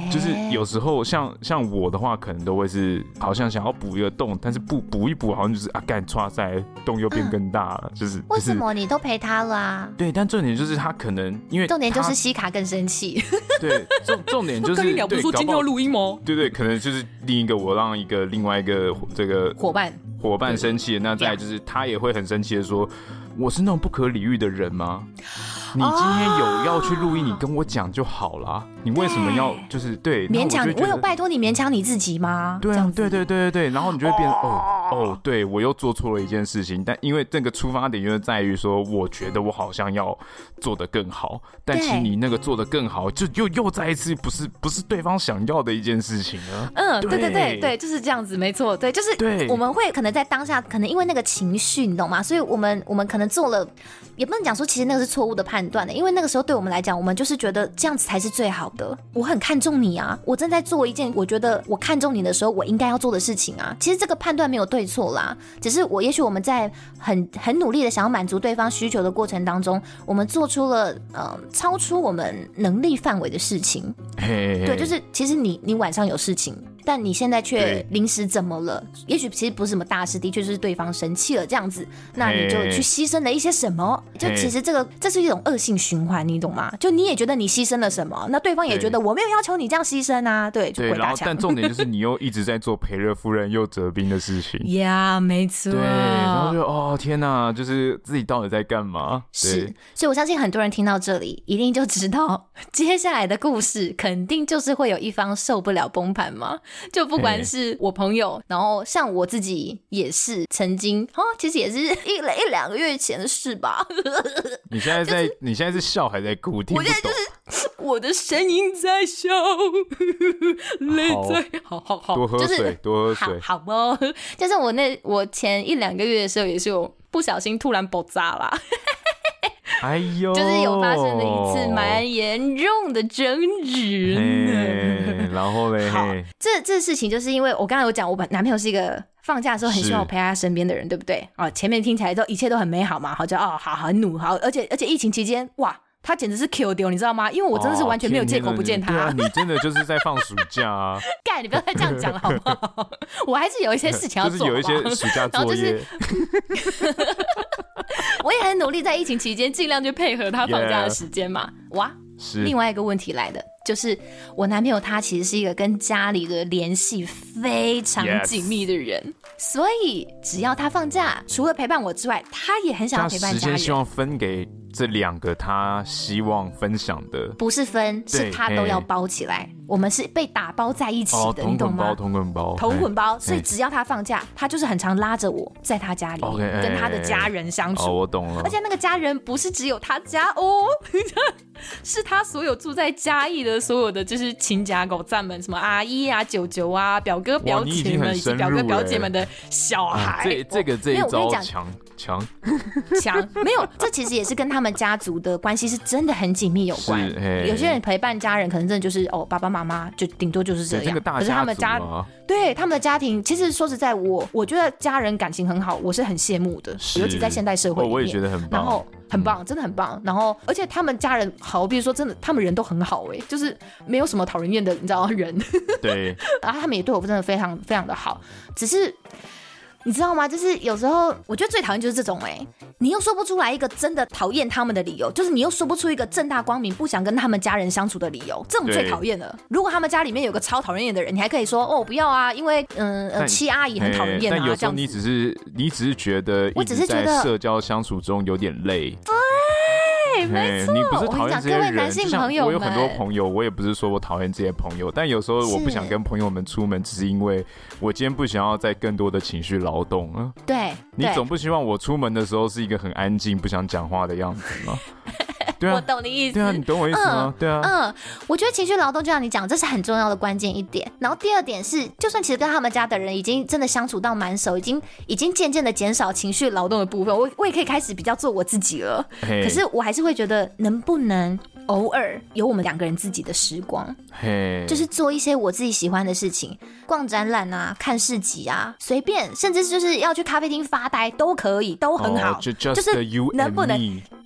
就是有時候像像我的話，可能都會是好像想要補一個洞，但是不補一補，好像就是啊，幹，抓在洞又變更大了，嗯、就是。就是、為什麼你都陪他了啊？對，但重點就是他可能因為重點就是西卡更生氣。 對，重重點就是 了對。你不說今天要錄音嗎、哦？對，對對，可能就是另一個我讓一個另外一個這個伙伴伙伴生氣，對那再就是他也會很生氣的說：“對我是那種不可理喻的人嗎？”你今天有要去錄音，哦、你跟我講就好了。對你為什麼要就是對？勉強強我,我有拜托你勉強你自己嗎？對對對對對對。然後你就會變哦哦，對我又做錯了一件事情。但因為這個出發點就是在於說，我覺得我好像要做得更好，但其實你那個做得更好，就又又再一次不是不是對方想要的一件事情啊。嗯，對對對對，就是這樣子，沒錯，對，就是對。我們會可能在當下，可能因為那個情緒，你懂嗎？所以我們我們可能做了，也不能講說其實那個是錯誤的判。判斷的，因為那個時候對我們來講，我們就是覺得這樣子才是最好的。我很看重你啊，我正在做一件我覺得我看重你的時候我應該要做的事情啊。其實這個判斷沒有對錯啦，只是我也許我們在很、很努力的想要滿足對方需求的過程當中，我們做出了，呃，超出我們能力範圍的事情。 對，就是其實你你晚上有事情。但你現在卻臨時怎麼了？對也許其實不是什麼大事，的確就是對方生氣了這樣子。嘿那你就去犧牲了一些什麼？就其實這個嘿這是一種惡性循環，你懂嗎？就你也覺得你犧牲了什麼？那對方也覺得我沒有要求你這樣犧牲啊。對，對，就鬼打牆，然後但重點就是你又一直在做賠了夫人又折兵的事情。呀、 yeah,，沒錯。然後就哦天哪、啊，就是自己到底在幹嘛？是，所以我相信很多人聽到這裡，一定就知道接下來的故事肯定就是會有一方受不了崩盤嘛。就不管是我朋友，嘿然後像我自己也是，曾經、哦、其實也是一一兩個月前的事吧。你現在在， 就是、你現在是笑還在哭，聽我現在就是 我的聲音在笑，淚 在好，好好好。多喝水，就是、多喝水，好哦，加上、是、我那我前一兩個月的時候，也是我不小心突然爆炸了。 哎呦，就是有發生了一次蠻嚴重的爭執，然後嘞，好，這這事情就是因為我剛才有講，我本男朋友是一個放假的時候很希望我陪在他身邊的人，是對不對？哦，前面聽起來都一切都很美好嘛，好就哦，好很努力，好，而且而且疫情期間，哇。他簡直是 Q 丟，你知道嗎？因為我真的是完全沒有借口不見他。哦天天你，啊、你真的就是在放暑假啊！蓋， 你不要再這樣講了好不好？ 我還是有一些事情要做嘛。就是有一些暑假作業 然後、就是、 我也很努力在疫情期間，盡量去配合他放假的時間嘛。Yeah. 哇，是另外一個問題來的，就是我男朋友他其實是一個跟家裡的聯繫非常緊密的人，Yes. 所以只要他放假，除了陪伴我之外，他也很想要陪伴家人。時間希望分給。這兩個他希望分享的不是分，是他都要包起來。我們是被打包在一起的，你懂嗎？同捆包，同捆包，同捆包。所以只要他放假，他就是很常拉着我在他家裡跟他的家人相處。我懂了。而且那個家人不是只有他家哦，是他所有住在嘉義的所有的就是親家、姑丈們，什麼阿姨啊、舅舅啊、表哥表姐們以及表哥表姐們的小孩。這這個這一招我跟你講強強強！沒有，這其實也是跟他。他們家族的關係是真的很緊密有關，嘿嘿有些人陪伴家人可能真的就是哦爸爸媽媽就頂多就是這樣，欸這個、可是他們家對他們的家庭，其實說實在我我覺得家人感情很好，我是很羨慕的，是尤其在現代社會我也覺得很棒然後很棒，嗯、真的很棒，然後而且他們家人好，比如說真的他們人都很好哎、欸，就是沒有什麼討人厭的你知道人對， 然後他們也對我真的非常非常的好，只是。你知道嗎？就是有時候，我覺得最討厭就是這種哎、欸，你又說不出來一個真的討厭他們的理由，就是你又說不出一個正大光明不想跟他們家人相處的理由，這種最討厭了。對如果他們家裡面有一個超討厭的人，你還可以說哦，不要啊，因為嗯呃，七阿姨很討厭啊，這樣子，但、欸、但有時候你只是你只是覺得，我只是覺得社交相處中有點累。 欸、沒錯錯，我跟你講，各位男性朋友們。你不是討厭這些人，就像我有很多朋友，我也不是說我討厭這些朋友，但有時候我不想跟朋友們出門，是只是因為我今天不想要再更多的情緒勞動了。對，你總不希望我出門的時候是一個很安靜、不想講話的樣子嗎？對 對啊，我懂你意思。對啊，你懂我意思嗎？嗯，對啊，嗯，我覺得情緒勞動就像你講，這是很重要的關鍵一點。然後第二點是，就算其實跟他們家的人已經真的相處到蠻熟，已經已經漸漸的減少情緒勞動的部分，我我也可以開始比較做我自己了。Okay. 可是我還是會覺得，能不能？偶爾有我們兩個人自己的時光，hey, 就是做一些我自己喜歡的事情，逛展覽啊，看市集啊，隨便，甚至就是要去咖啡廳發呆都可以，都很好，oh, just, 就是能不能？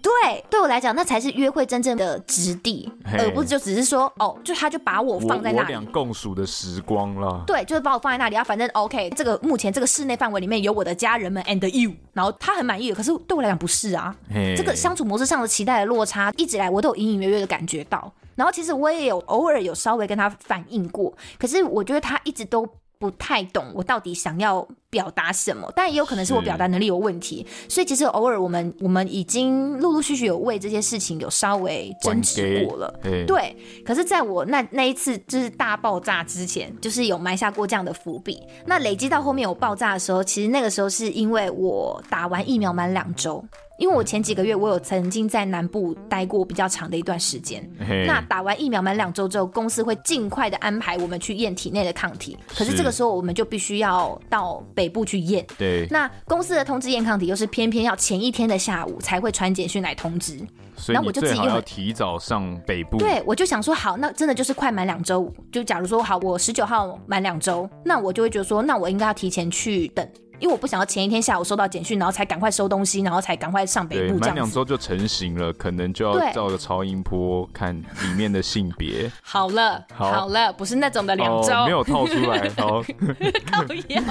對，對我來講，那才是約會真正的質地，hey, 而不是就只是說哦，就他就把我放在那裡，我，我倆共處的時光了。對，就是把我放在那裡啊，反正 OK，這個目前這個室內範圍裡面有我的家人們 and you，然後他很滿意，可是對我來講不是啊，hey, 這個相處模式上的期待的落差，一直以來我都有隱隱約約。覺得感覺到，然後其實我也有偶爾有稍微跟他反映過，可是我覺得他一直都不太懂我到底想要表達什麼，但也有可能是我表達能力有問題，是所以其實偶爾我們我們已經陸陸續續有為這些事情有稍微爭執過了，給對。可是在我那那一次就是大爆炸之前，就是有埋下過這樣的伏筆，那累積到後面有爆炸的時候，其實那個時候是因為我打完疫苗滿兩週。因為我前幾個月我有曾經在南部待過比較長的一段時間，嘿那打完疫苗滿兩周之後，公司會盡快的安排我們去驗體內的抗體。可是這個時候我們就必須要到北部去驗。對。那公司的通知驗抗體又是偏偏要前一天的下午才會傳簡訊來通知，所以最好要提早上北部。對，我就想說好，那真的就是快滿兩周，就假如說好我十九號滿兩周，那我就會覺得說那我應該要提前去等。因為我不想要前一天下午收到簡訊，然後才趕快收東西，然後才趕快上北部這樣子。兩周就成型了，可能就要照個超音波看裡面的性別。對好了，好，好了，不是那種的兩周，哦，沒有套出來，好 謠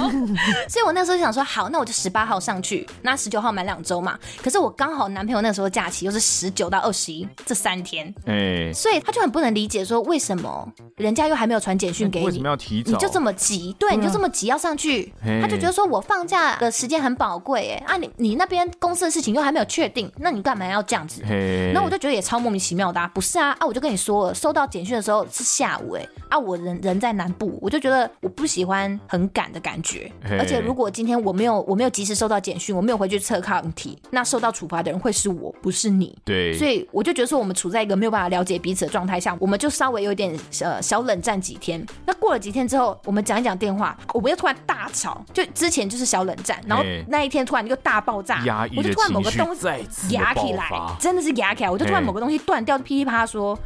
所以，我那時候就想說，好，那我就十八號上去，那十九號滿兩周嘛。可是我剛好男朋友那時候假期又是十九到二十一這三天，哎，欸，所以他就很不能理解說為什麼人家又還沒有傳簡訊給你，欸，為什麼要提早，你就這麼急，對，對啊，你就這麼急要上去，欸，他就覺得說我放。放假的時間很寶貴哎啊你你那邊公司的事情又還沒有確定，那你幹嘛要這樣子？那 Hey. 我就覺得也超莫名其妙的、啊，不是啊啊我就跟你說了，收到簡訊的時候是下午哎、欸、啊我人人在南部，我就覺得我不喜歡很趕的感覺，Hey. 而且如果今天我沒有我沒有及時收到簡訊，我沒有回去測抗體，那受到處罰的人會是我，不是你。對，所以我就覺得說我們處在一個沒有辦法了解彼此的狀態下，我們就稍微有點呃小冷戰幾天。那過了幾天之後，我們講一講電話，我們又突然大吵，就之前就是。小冷戰，然後那一天突然就大爆炸，hey, 我就突然某個東西壓起來，真的是壓起來，我就突然某個東西斷掉，噼里 Hey. 啪啦說。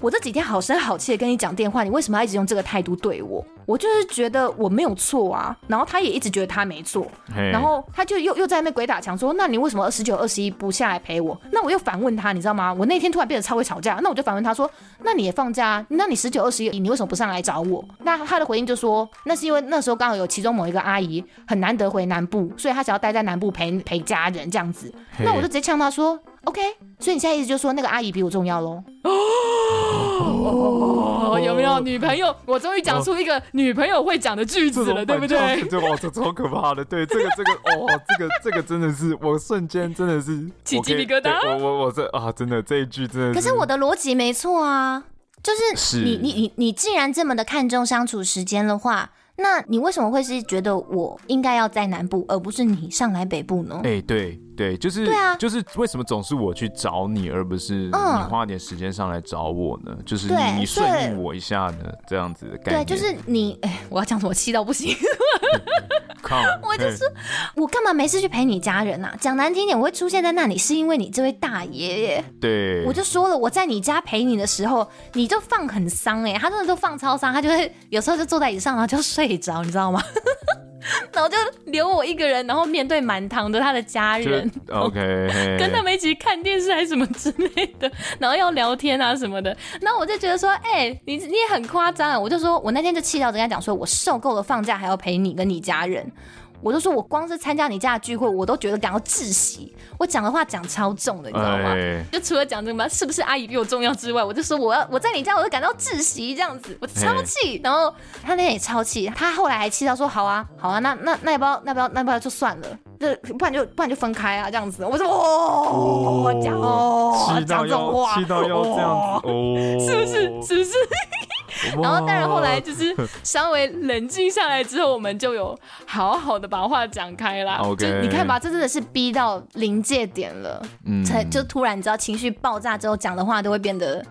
我這幾天好聲好氣地跟你講電話，你為什麼要一直用這個態度對我？我就是覺得我沒有錯啊，然後他也一直覺得他沒錯，然後他就又又在那鬼打牆說，那你為什麼十九、二十一不下來陪我？那我又反問他，你知道嗎？我那天突然變得超會吵架，那我就反問他說，那你也放假，那你十九、二十一，你為什麼不上來找我？那他的回應就說，那是因為那時候剛好有其中某一個阿姨很難得回南部，所以他想要待在南部陪陪家人這樣子。那我就直接嗆他說。OK，所以你現在意思就是說那個阿姨比我重要嘍？哦，有沒有女朋友？我終於講出一個女朋友會講的句子了，對不對？對， 哇，這超可怕的。對，這個，這個，哦，這個， 這個真的是，我瞬間真的是起雞皮疙瘩。我我我這啊，真的這一句真的。可是我的邏輯沒錯啊，就是你你你你，你你既然這麼的看重相處時間的話，那你為什麼會是覺得我應該要在南部，而不是你上來北部呢？哎、欸，對。對，就是，對啊、就是為什麼總是我去找你，而不是你花點時間上來找我呢？嗯、就是你，對你順應我一下呢，這樣子的概念。的對，就是你，哎、欸，我要講什麼？氣到不行！ 呵呵，靠，我就是，嘿我幹嘛沒事去陪你家人吶、啊？講難聽點，我會出現在那裡，是因為你這位大爺、欸。對，我就說了，我在你家陪你的時候，你就放很喪哎、欸，他真的都放超喪，他就會有時候就坐在椅上，然後就睡着，你知道嗎？ 然後就留我一個人，然後面對滿堂的他的家人，OK，就跟他們一起看電視還是什麼之類的，然後要聊天啊什麼的。然後我就覺得說，哎、欸，你你也很誇張啊。我就說我那天就氣到跟他講，說我受夠了，放假還要陪你跟你家人。我就說，我光是參加你家的聚會，我都覺得感到窒息。我講的話講超重的，你知道嗎？哎、就除了講這個嗎是不是阿姨比我重要之外，我就說我要我在你家，我都感到窒息，這樣子我超氣。哎、然後他那天也超氣，他後來還氣到說：“好啊，好啊，那那那不要那不要那不要就算了，就不然就不然就分開啊，這樣子。”我說：“哦，我講哦，講，哦講這種話，氣到要這樣，是不是？是不是？” 然後，但是後來就是稍微冷靜下來之後，我們就有好好的把話講開啦。Okay. 就你看吧，這真的是逼到臨界點了，嗯，才就突然你知道情緒爆炸之後，講的話都會變得。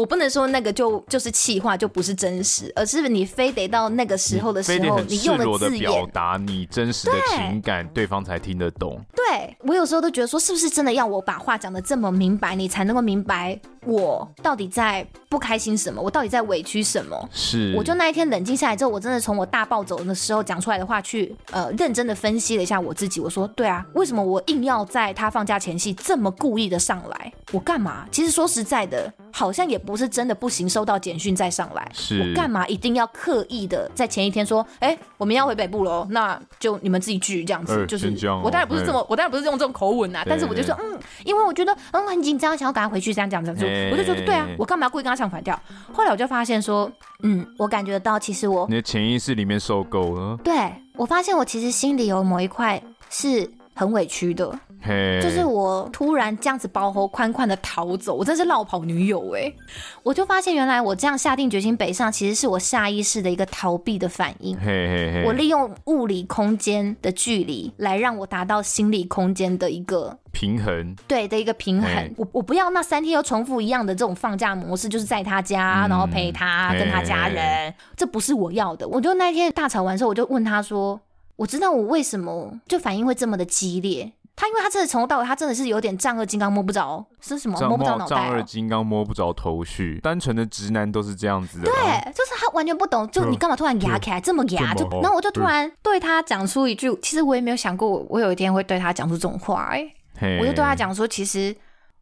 我不能說那個就就是氣話，就不是真實，而是你非得到那個時候的時候，你用的字表達你真實的情感，對，對方才聽得懂。對我有時候都覺得說，是不是真的要我把話講得這麼明白，你才能夠明白我到底在不開心什麼，我到底在委屈什麼？是，我就那一天冷靜下來之後，我真的從我大暴走的時候講出來的話去，去呃認真的分析了一下我自己。我說，對啊，為什麼我硬要在他放假前夕這麼故意的上來？我幹嘛？其實說實在的。好像也不是真的不行，收到簡訊再上來。是，我幹嘛一定要刻意的在前一天說，哎、欸，我們要回北部嘍？那就你們自己聚這樣子，呃、就是、哦、我當然不是這麼，欸、我當然不是用這種口吻吶、啊。對對對，但是我就說，嗯，因為我覺得，嗯，我很緊張，想要趕快回去，這樣子這樣這樣，對對對，我就覺得對啊，我幹嘛要故意跟他唱反調？後來我就發現說，嗯，我感覺得到其實我你的潛意識裡面受夠了。對我發現我其實心裡有某一塊是很委屈的。Hey, 就是我突然這樣子包和寬寬的逃走，我真是落跑女友哎、欸！我就發現原來我這樣下定決心北上，其實是我下意識的一個逃避的反應。Hey, hey, hey, 我利用物理空間的距離來讓我達到心理空間的一個，平衡。對，的一個平衡。我我不要那三天又重複一樣的這種放假模式，就是在他家、嗯、然後陪他 hey, 跟他家人，hey, hey, hey. 這不是我要的。我就那一天大吵完之後，我就問他說：“我知道我為什麼就反應會這麼的激烈。”他因為他真的從頭到尾，他真的是有點丈二金剛摸不着是什麼帽摸不着腦袋、啊，丈二金剛摸不着頭緒。單純的直男都是這樣子的，對，就是他完全不懂。就你幹嘛突然牙起來、嗯、這麼牙？就然後我就突然對他講出一句，對其實我也沒有想過，我我有一天會對他講出這種話、欸。哎，Hey, 我就對他講說，其實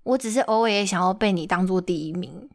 我只是偶爾也想要被你當做第一名。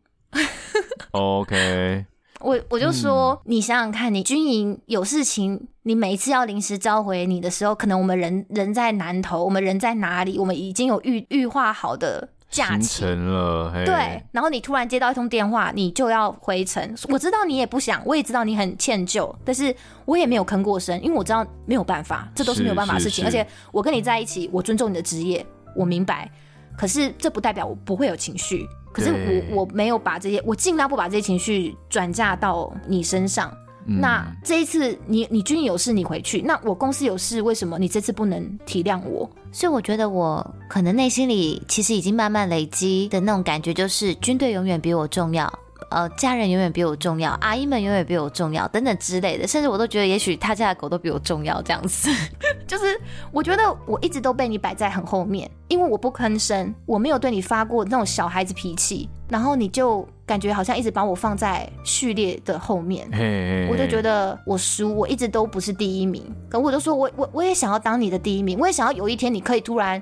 OK。我我就說，你想想看，你軍營有事情，你每一次要臨時召回你的時候，可能我們人人在南投，我們人在哪裡？我們已經有預預劃好的假期了，對。然後你突然接到一通電話，你就要回城。我知道你也不想，我也知道你很歉疚，但是我也沒有吭過聲，因為我知道沒有辦法，這都是沒有辦法的事情。而且我跟你在一起，我尊重你的職業，我明白。可是這不代表我不會有情緒。可是我對我沒有把這些，我盡量不把這些情緒轉嫁到你身上。嗯、那這一次你你軍有事你回去，那我公司有事，為什麼你這次不能體諒我？所以我覺得我可能內心裡其實已經慢慢累積的那種感覺，就是軍隊永遠比我重要。呃，家人永遠比我重要，阿姨們永遠比我重要，等等之類的，甚至我都覺得，也許他家的狗都比我重要，這樣子， 就是我覺得我一直都被你擺在很後面，因為我不吭聲，我沒有對你發過那種小孩子脾氣，然後你就感覺好像一直把我放在序列的後面，嘿嘿嘿。我就覺得我輸，我一直都不是第一名，可我就說我我我也想要當你的第一名，我也想要有一天你可以突然。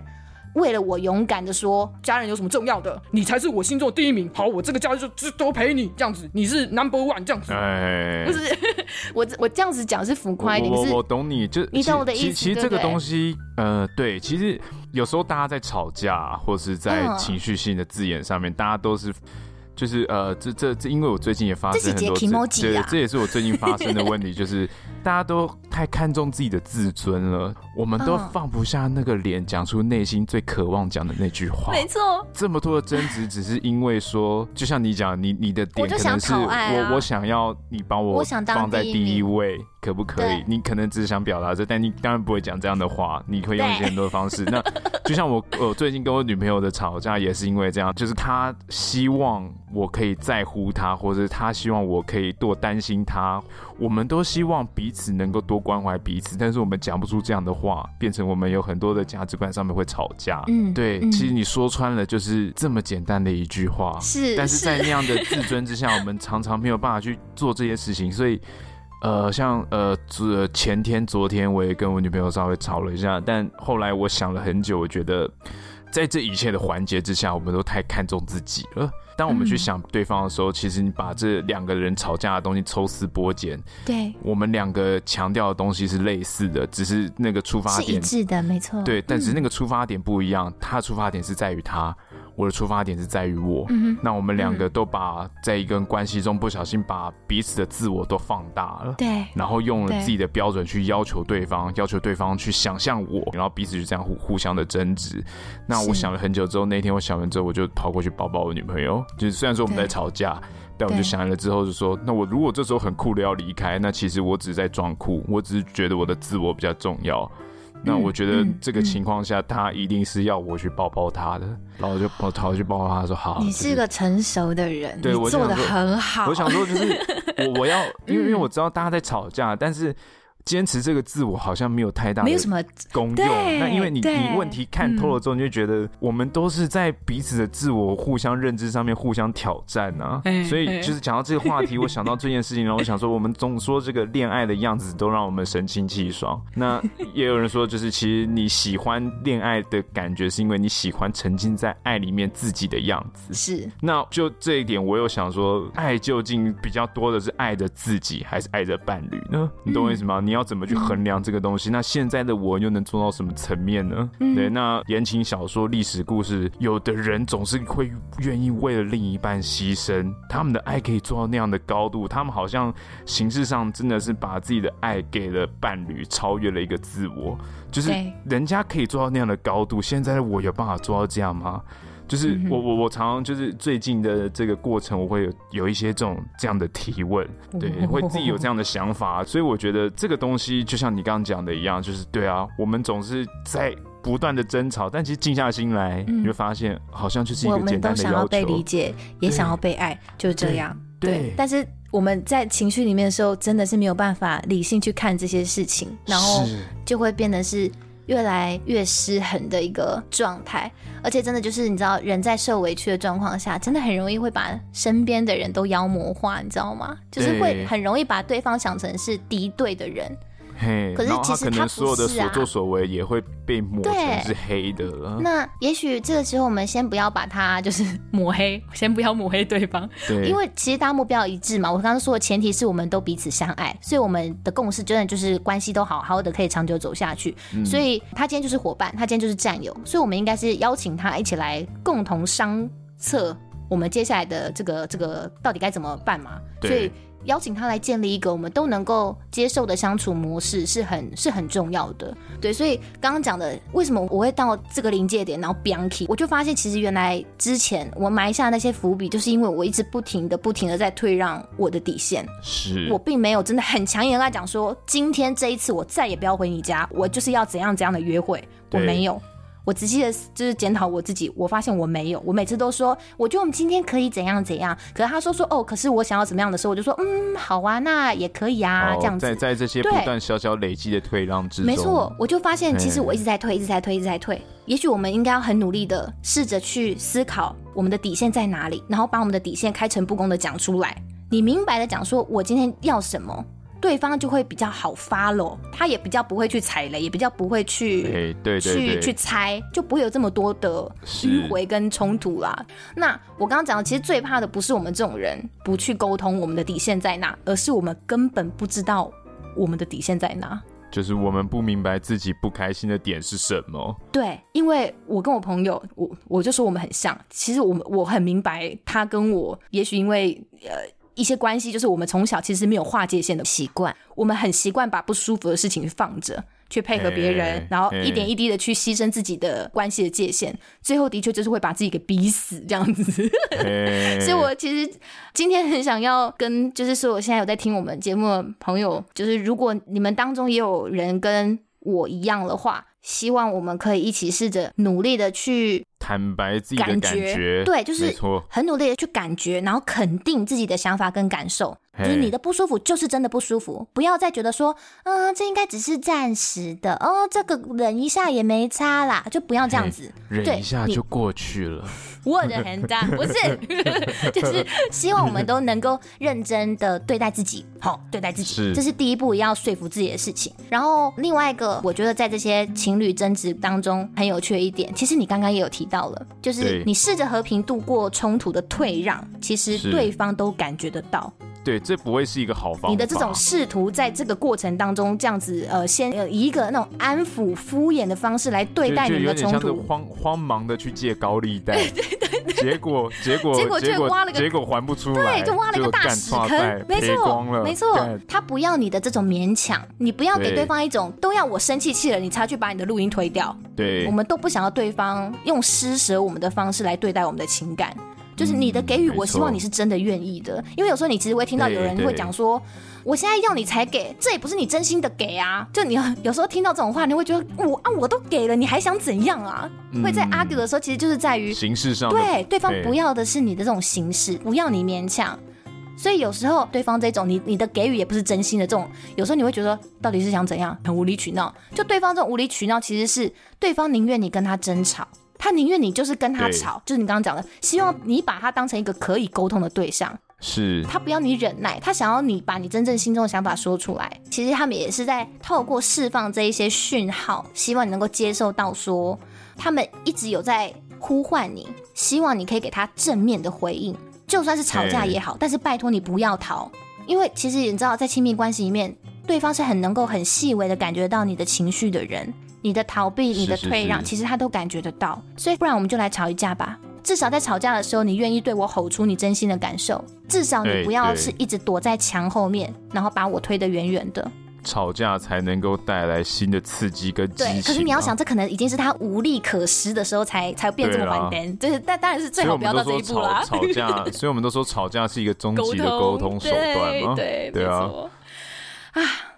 為了我勇敢的說，家人有什麼重要的？你才是我心中第一名。好，我這個家就，就都陪你這樣子，你是 number one 這樣子。哎哎哎不是，我我這樣子講是浮誇，你是我，我，我懂你，就你懂我的意思其。其實這個東西，對對呃，對，其實有時候大家在吵架，或是在情緒性的字眼上面，大家都是。就是呃，這這這，這因為我最近也發生很多次，啊，對，這也是我最近發生的問題，就是 大家都太看重自己的自尊了，我們都放不下那個臉，講出內心最渴望講的那句話。沒錯，這麼多的爭執，只是因為說， 就像你講，你你的點可能是我想，啊，我，我想要你把我放在第一位，一可不可以？對你可能只是想表達這，但你當然不會講這樣的話，你可以用一些很多的方式。對那 就像我我，呃，最近跟我女朋友的吵架也是因為這樣，就是她希望。我可以在乎他，或者他希望我可以多擔心他，我們都希望彼此能夠多關懷彼此，但是我們講不出這樣的話，變成我們有很多的價值觀上面會吵架。嗯，對，嗯，其實你說穿了就是這麼簡單的一句話，是，是，但是在那樣的自尊之下，我們常常沒有辦法去做這些事情。所以，呃，像呃，前天、昨天，我也跟我女朋友稍微吵了一下，但後來我想了很久，我覺得。在這一切的環節之下，我們都太看重自己了。當我們去想對方的時候，嗯、其實你把這兩個人吵架的東西抽絲剝繭，對，我們兩個強調的東西是類似的，只是那個出發點是一致的，沒錯。對，但是那個出發點不一樣，嗯、他出發點是在於他。我的出發點是在於我，嗯、哼那我們兩個都把在一個關係中不小心把彼此的自我都放大了，對，然後用了自己的標準去要求對方，對要求對方去想象我，然後彼此就這樣互互相的爭執。那我想了很久之後，是那天我想完之後，我就跑過去抱抱我女朋友。就是雖然說我們在吵架，對但我就想完了之後就說，對那我如果這時候很酷的要離開，那其實我只是在裝酷，我只是覺得我的自我比較重要。那我覺得這個情況下，嗯嗯、他一定是要我去抱抱他的，嗯、然後我就跑跑去抱抱他，說好。你是個成熟的人，對，我做的很好。我想說，我想說就是我我要，因為因為我知道大家在吵架，嗯、但是。堅持這個自我好像沒有太大的沒有什麼功用，那因為你你問題看透了之後，你就覺得我們都是在彼此的自我互相認知上面互相挑戰啊。嗯、所以就是講到這個話題，我想到這件事情，然後我想說，我們總說這個戀愛的樣子都讓我們神清氣爽，那也有人說，就是其實你喜歡戀愛的感覺，是因為你喜歡沉浸在愛裡面自己的樣子。是，那就這一點，我又想說，愛究竟比較多的是愛着自己，還是愛着伴侶呢？你懂我意思嗎？你、嗯。你要怎麼去衡量這個東西？嗯、那現在的我又能做到什麼層面呢？嗯、對，那言情小說、歷史故事，有的人總是會願意為了另一半犧牲，他們的愛可以做到那樣的高度，他們好像形式上真的是把自己的愛給了伴侶，超越了一個自我，就是人家可以做到那樣的高度。現在的我有辦法做到這樣嗎？就是我、嗯、哼我我常常就是最近的這個過程，我會有，有一些這種這樣的提問，對，哦、會自己有這樣的想法，所以我覺得這個東西就像你剛剛講的一樣，就是對啊，我們總是在不斷的爭吵，但其實靜下心來，你就發現好像就是一個簡單的要求。嗯、我們都想要被理解，也想要被愛，對就這樣。對，對對對，但是我們在情緒裡面的時候，真的是沒有辦法理性去看這些事情，然後就會變得是，越來越失衡的一個狀態，而且真的就是你知道，人在受委屈的狀況下，真的很容易會把身邊的人都妖魔化，你知道嗎？就是會很容易把對方想成是敵對的人。Hey, 可是其實他可能所有的所作所為也會被抹成是黑的。那也許這個時候，我們先不要把他就是抹黑，先不要抹黑對方，對。因為其實大家目標一致嘛。我剛剛說的前提是我們都彼此相愛，所以我們的共識真的就是關係都好好的，可以長久走下去。嗯。所以他今天就是夥伴，他今天就是戰友，所以我們應該是邀請他一起來共同商策，我們接下來的這個這個到底該怎麼辦嘛？對。邀請他來建立一個我們都能夠接受的相處模式是很是很重要的，對，所以剛剛講的為什麼我會到這個臨界點，然後變變，我就發現其實原來之前我埋下的那些伏筆，就是因為我一直不停的不停的在退讓我的底線，是。我並沒有真的很強硬來講說，今天這一次我再也不要回你家，我就是要怎樣怎樣的約會，我沒有。我仔細的，就是檢討我自己，我發現我沒有，我每次都說，我覺得我們今天可以怎樣怎樣，可是他說說哦，可是我想要怎麼樣的時候，我就說嗯，好啊，那也可以啊，這樣子。哦、在在這些不斷小小累積的退讓之中，沒錯，我就發現其實我一直在退，嗯、一直在退，一直在退。也許我們應該要很努力的試着去思考我們的底線在哪裡，然後把我們的底線開誠佈公的講出來。你明白的講說，我今天要什麼。對方就會比較好發了，他也比較不會去踩雷，也比較不會去對對對去去猜，就不會有這麼多的迂回跟衝突啦。是那我剛剛講的，其實最怕的不是我們這種人不去溝通，我們的底線在哪，而是我們根本不知道我們的底線在哪。就是我們不明白自己不開心的點是什麼。對，因為我跟我朋友，我我就說我們很像。其實我我很明白他跟我，也許因為呃。一些關係就是我們從小其實沒有劃界限的習慣，我們很習慣把不舒服的事情放着，去配合別人，然後一點一滴的去犧牲自己的關係的界限，最後的確就是會把自己給逼死這樣子。 所以，我其實今天很想要跟，就是說，我現在有在聽我們節目的朋友，就是如果你們當中也有人跟我一樣的話，希望我們可以一起試着努力的去。坦白自己的感覺、感覺，對，就是很努力的去感覺，然後肯定自己的想法跟感受，就是錯你的不舒服就是真的不舒服，不要再覺得說，嗯、呃，這應該只是暫時的，哦，這個忍一下也沒差啦，就不要這樣子，忍一下就過去了，你我着很髒，不是， 就是希望我們都能夠認真的對待自己，好，對待自己，是這是第一步，要說服自己的事情。然後另外一個，我覺得在這些情侶爭執當中很有趣一點，其實你剛剛也有提。到了，就是你試着和平度過衝突的退讓，對其實對方都感覺得到。對，這不會是一個好方法。你的這種試圖在這個過程當中這樣子，呃，先呃以一個那種安撫、敷衍的方式來對待你們的衝突就，就是慌慌忙的去借高利貸，對對 結果結果 結果結果就挖了個結果還不出來，對，就挖了一個大屎坑沒，沒錯沒錯。幹他不要你的這種勉強，你不要給對方一種對都要我生氣氣了，你才去把你的錄音推掉。對，我們都不想要對方用施捨我們的方式來對待我們的情感。就是你的給予，我希望你是真的願意的，因為有時候你其實會聽到有人會講說，我現在要你才給，這也不是你真心的給啊。就你有時候聽到這種話，你會覺得我啊，我都給了，你還想怎樣啊？會在 argue 的時候，其實就是在於形式上，對，對方不要的是你的這種形式，不要你勉強。所以有時候對方這種你你的給予也不是真心的，這種有時候你會覺得到底是想怎樣，很無理取鬧。就對方這種無理取鬧，其實是對方寧願你跟他爭吵。他寧願你就是跟他吵，對就是你剛剛講的，希望你把他當成一個可以溝通的對象。是，他不要你忍耐，他想要你把你真正心中的想法說出來。其實他們也是在透過釋放這一些訊號，希望你能夠接受到說，說他們一直有在呼喚你，希望你可以給他正面的回應，就算是吵架也好。對但是拜託你不要逃，因為其實你知道，在親密關係裡面，對方是很能夠很細微的感覺到你的情緒的人。你的逃避，你的退讓，是是是其實他都感覺得到。所以，不然我們就來吵一架吧。至少在吵架的時候，你願意對我吼出你真心的感受。至少你不要是一直躲在牆後面，哎、然後把我推得遠遠的。吵架才能夠帶來新的刺激跟激情。啊、對，可是你要想，這可能已經是他無力可施的時候才，才才變這麼完蛋。對、啊就是，但當然是最好不要到這一步了。吵，吵架， 所以我們都說吵架是一個終極的溝通手段嗎？對，對，對啊。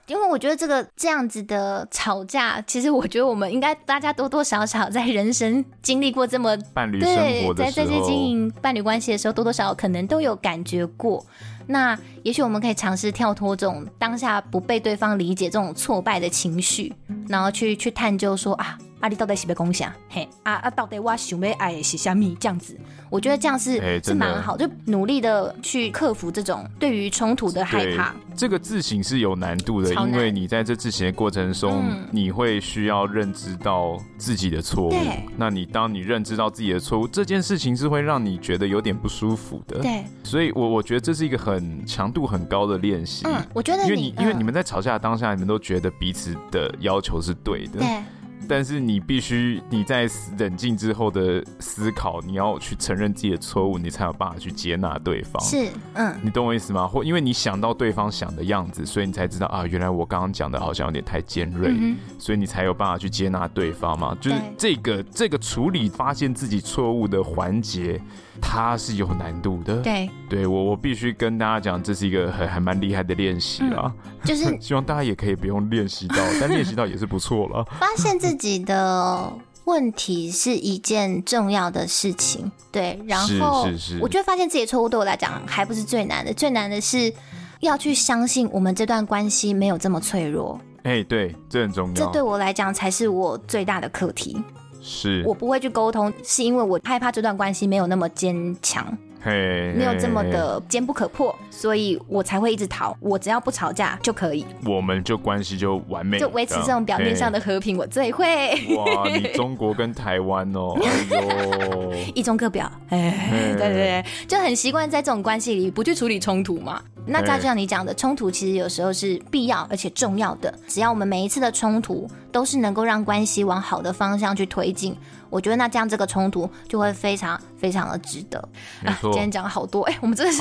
因為我覺得這個這樣子的吵架，其實我覺得我們應該大家多多少少在人生經歷過這麼伴侶生活的時候，對，在這些經營伴侶關係的時候，多多少少可能都有感覺過。那也許我們可以嘗試跳脫這種當下不被對方理解這種挫敗的情緒，然後去去探究說啊。阿里、啊、到底想咩東西啊？嘿，阿、啊、阿、啊、到底我想咩？愛的是蝦米？這樣子，我覺得這樣是、欸、是蠻好，就努力的去克服這種對於衝突的害怕。這個自省是有難度的，難因為你在這自省的過程中，嗯、你會需要認知到自己的錯誤。對那你當你認知到自己的錯誤，這件事情是會讓你覺得有點不舒服的。對，所以我我覺得這是一個很強度很高的練習、嗯。我覺得，因為你、嗯、因為你們在吵架的當下，你們都覺得彼此的要求是對的。對。但是你必須你在冷靜之後的思考，你要去承認自己的錯誤，你才有辦法去接納對方。是，嗯，你懂我意思嗎？或因為你想到對方想的樣子，所以你才知道啊，原來我剛剛講的好像有點太尖銳，嗯、哼所以你才有辦法去接納對方嘛。就是這個對這個處理發現自己錯誤的環節，它是有難度的。對，對我我必須跟大家講，這是一個很還蠻厲害的練習啦、嗯。就是 希望大家也可以不用練習到，但練習到也是不錯了。 發現自己自己的問題是一件重要的事情，對。然後，我就會發現自己的錯誤，對我來講還不是最難的，最難的是要去相信我們這段關係沒有這麼脆弱。哎、欸，對，這很重要。這對我來講才是我最大的課題。是，我不會去溝通，是因為我害怕這段關係沒有那麼堅強。嘿，hey, hey, 沒有這麼的堅不可破，hey, 所以我才會一直逃。我只要不吵架就可以，我們就關係就完美，就維持這種表面上的和平，hey, 我最會。哇， 你中國跟台灣哦？哎、 一中各表。哎，對對對，就很習慣在這種關係裡不去處理衝突嘛。那就像你講的，衝突其實有時候是必要而且重要的。只要我們每一次的衝突都是能夠讓關係往好的方向去推進。我覺得那這樣這個衝突就會非常非常的值得。今天講了好多，哎，我們真的是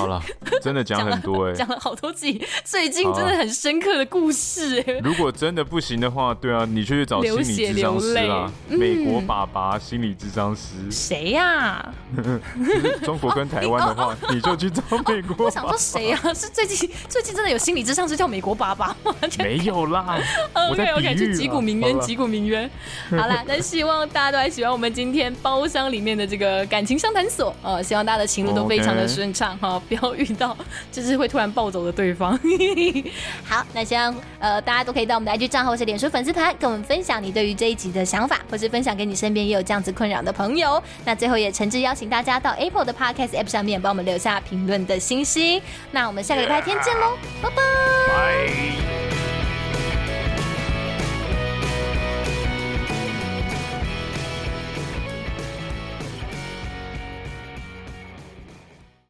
真的講很多，哎。講了好多集，最近真的很深刻的故事。如果真的不行的話，對啊，你去去找心理諮商師啊，美國爸爸心理諮商師。誰呀？中國跟台灣的話，你就去找美國。我想說誰呀？是最近最近真的有心理諮商師叫美國爸爸嗎？沒有啦。我在比喻。擊鼓鳴冤，擊鼓鳴冤。好啦，那希望大家都還喜歡我們。我們今天包廂裡面的這個感情商談所，呃，希望大家的情路都非常的順暢哈，不要遇到就是會突然暴走的對方。 好，那希望呃大家都可以到我們的 IG 賬號或者是臉書粉絲團，跟我們分享你對於這一集的想法，或是分享給你身邊也有這樣子困擾的朋友。那最後也誠摯邀請大家到 Apple 的 Podcast App 上面，幫我們留下評論的信息。那我們下個禮拜天見嘍，Yeah. 拜拜。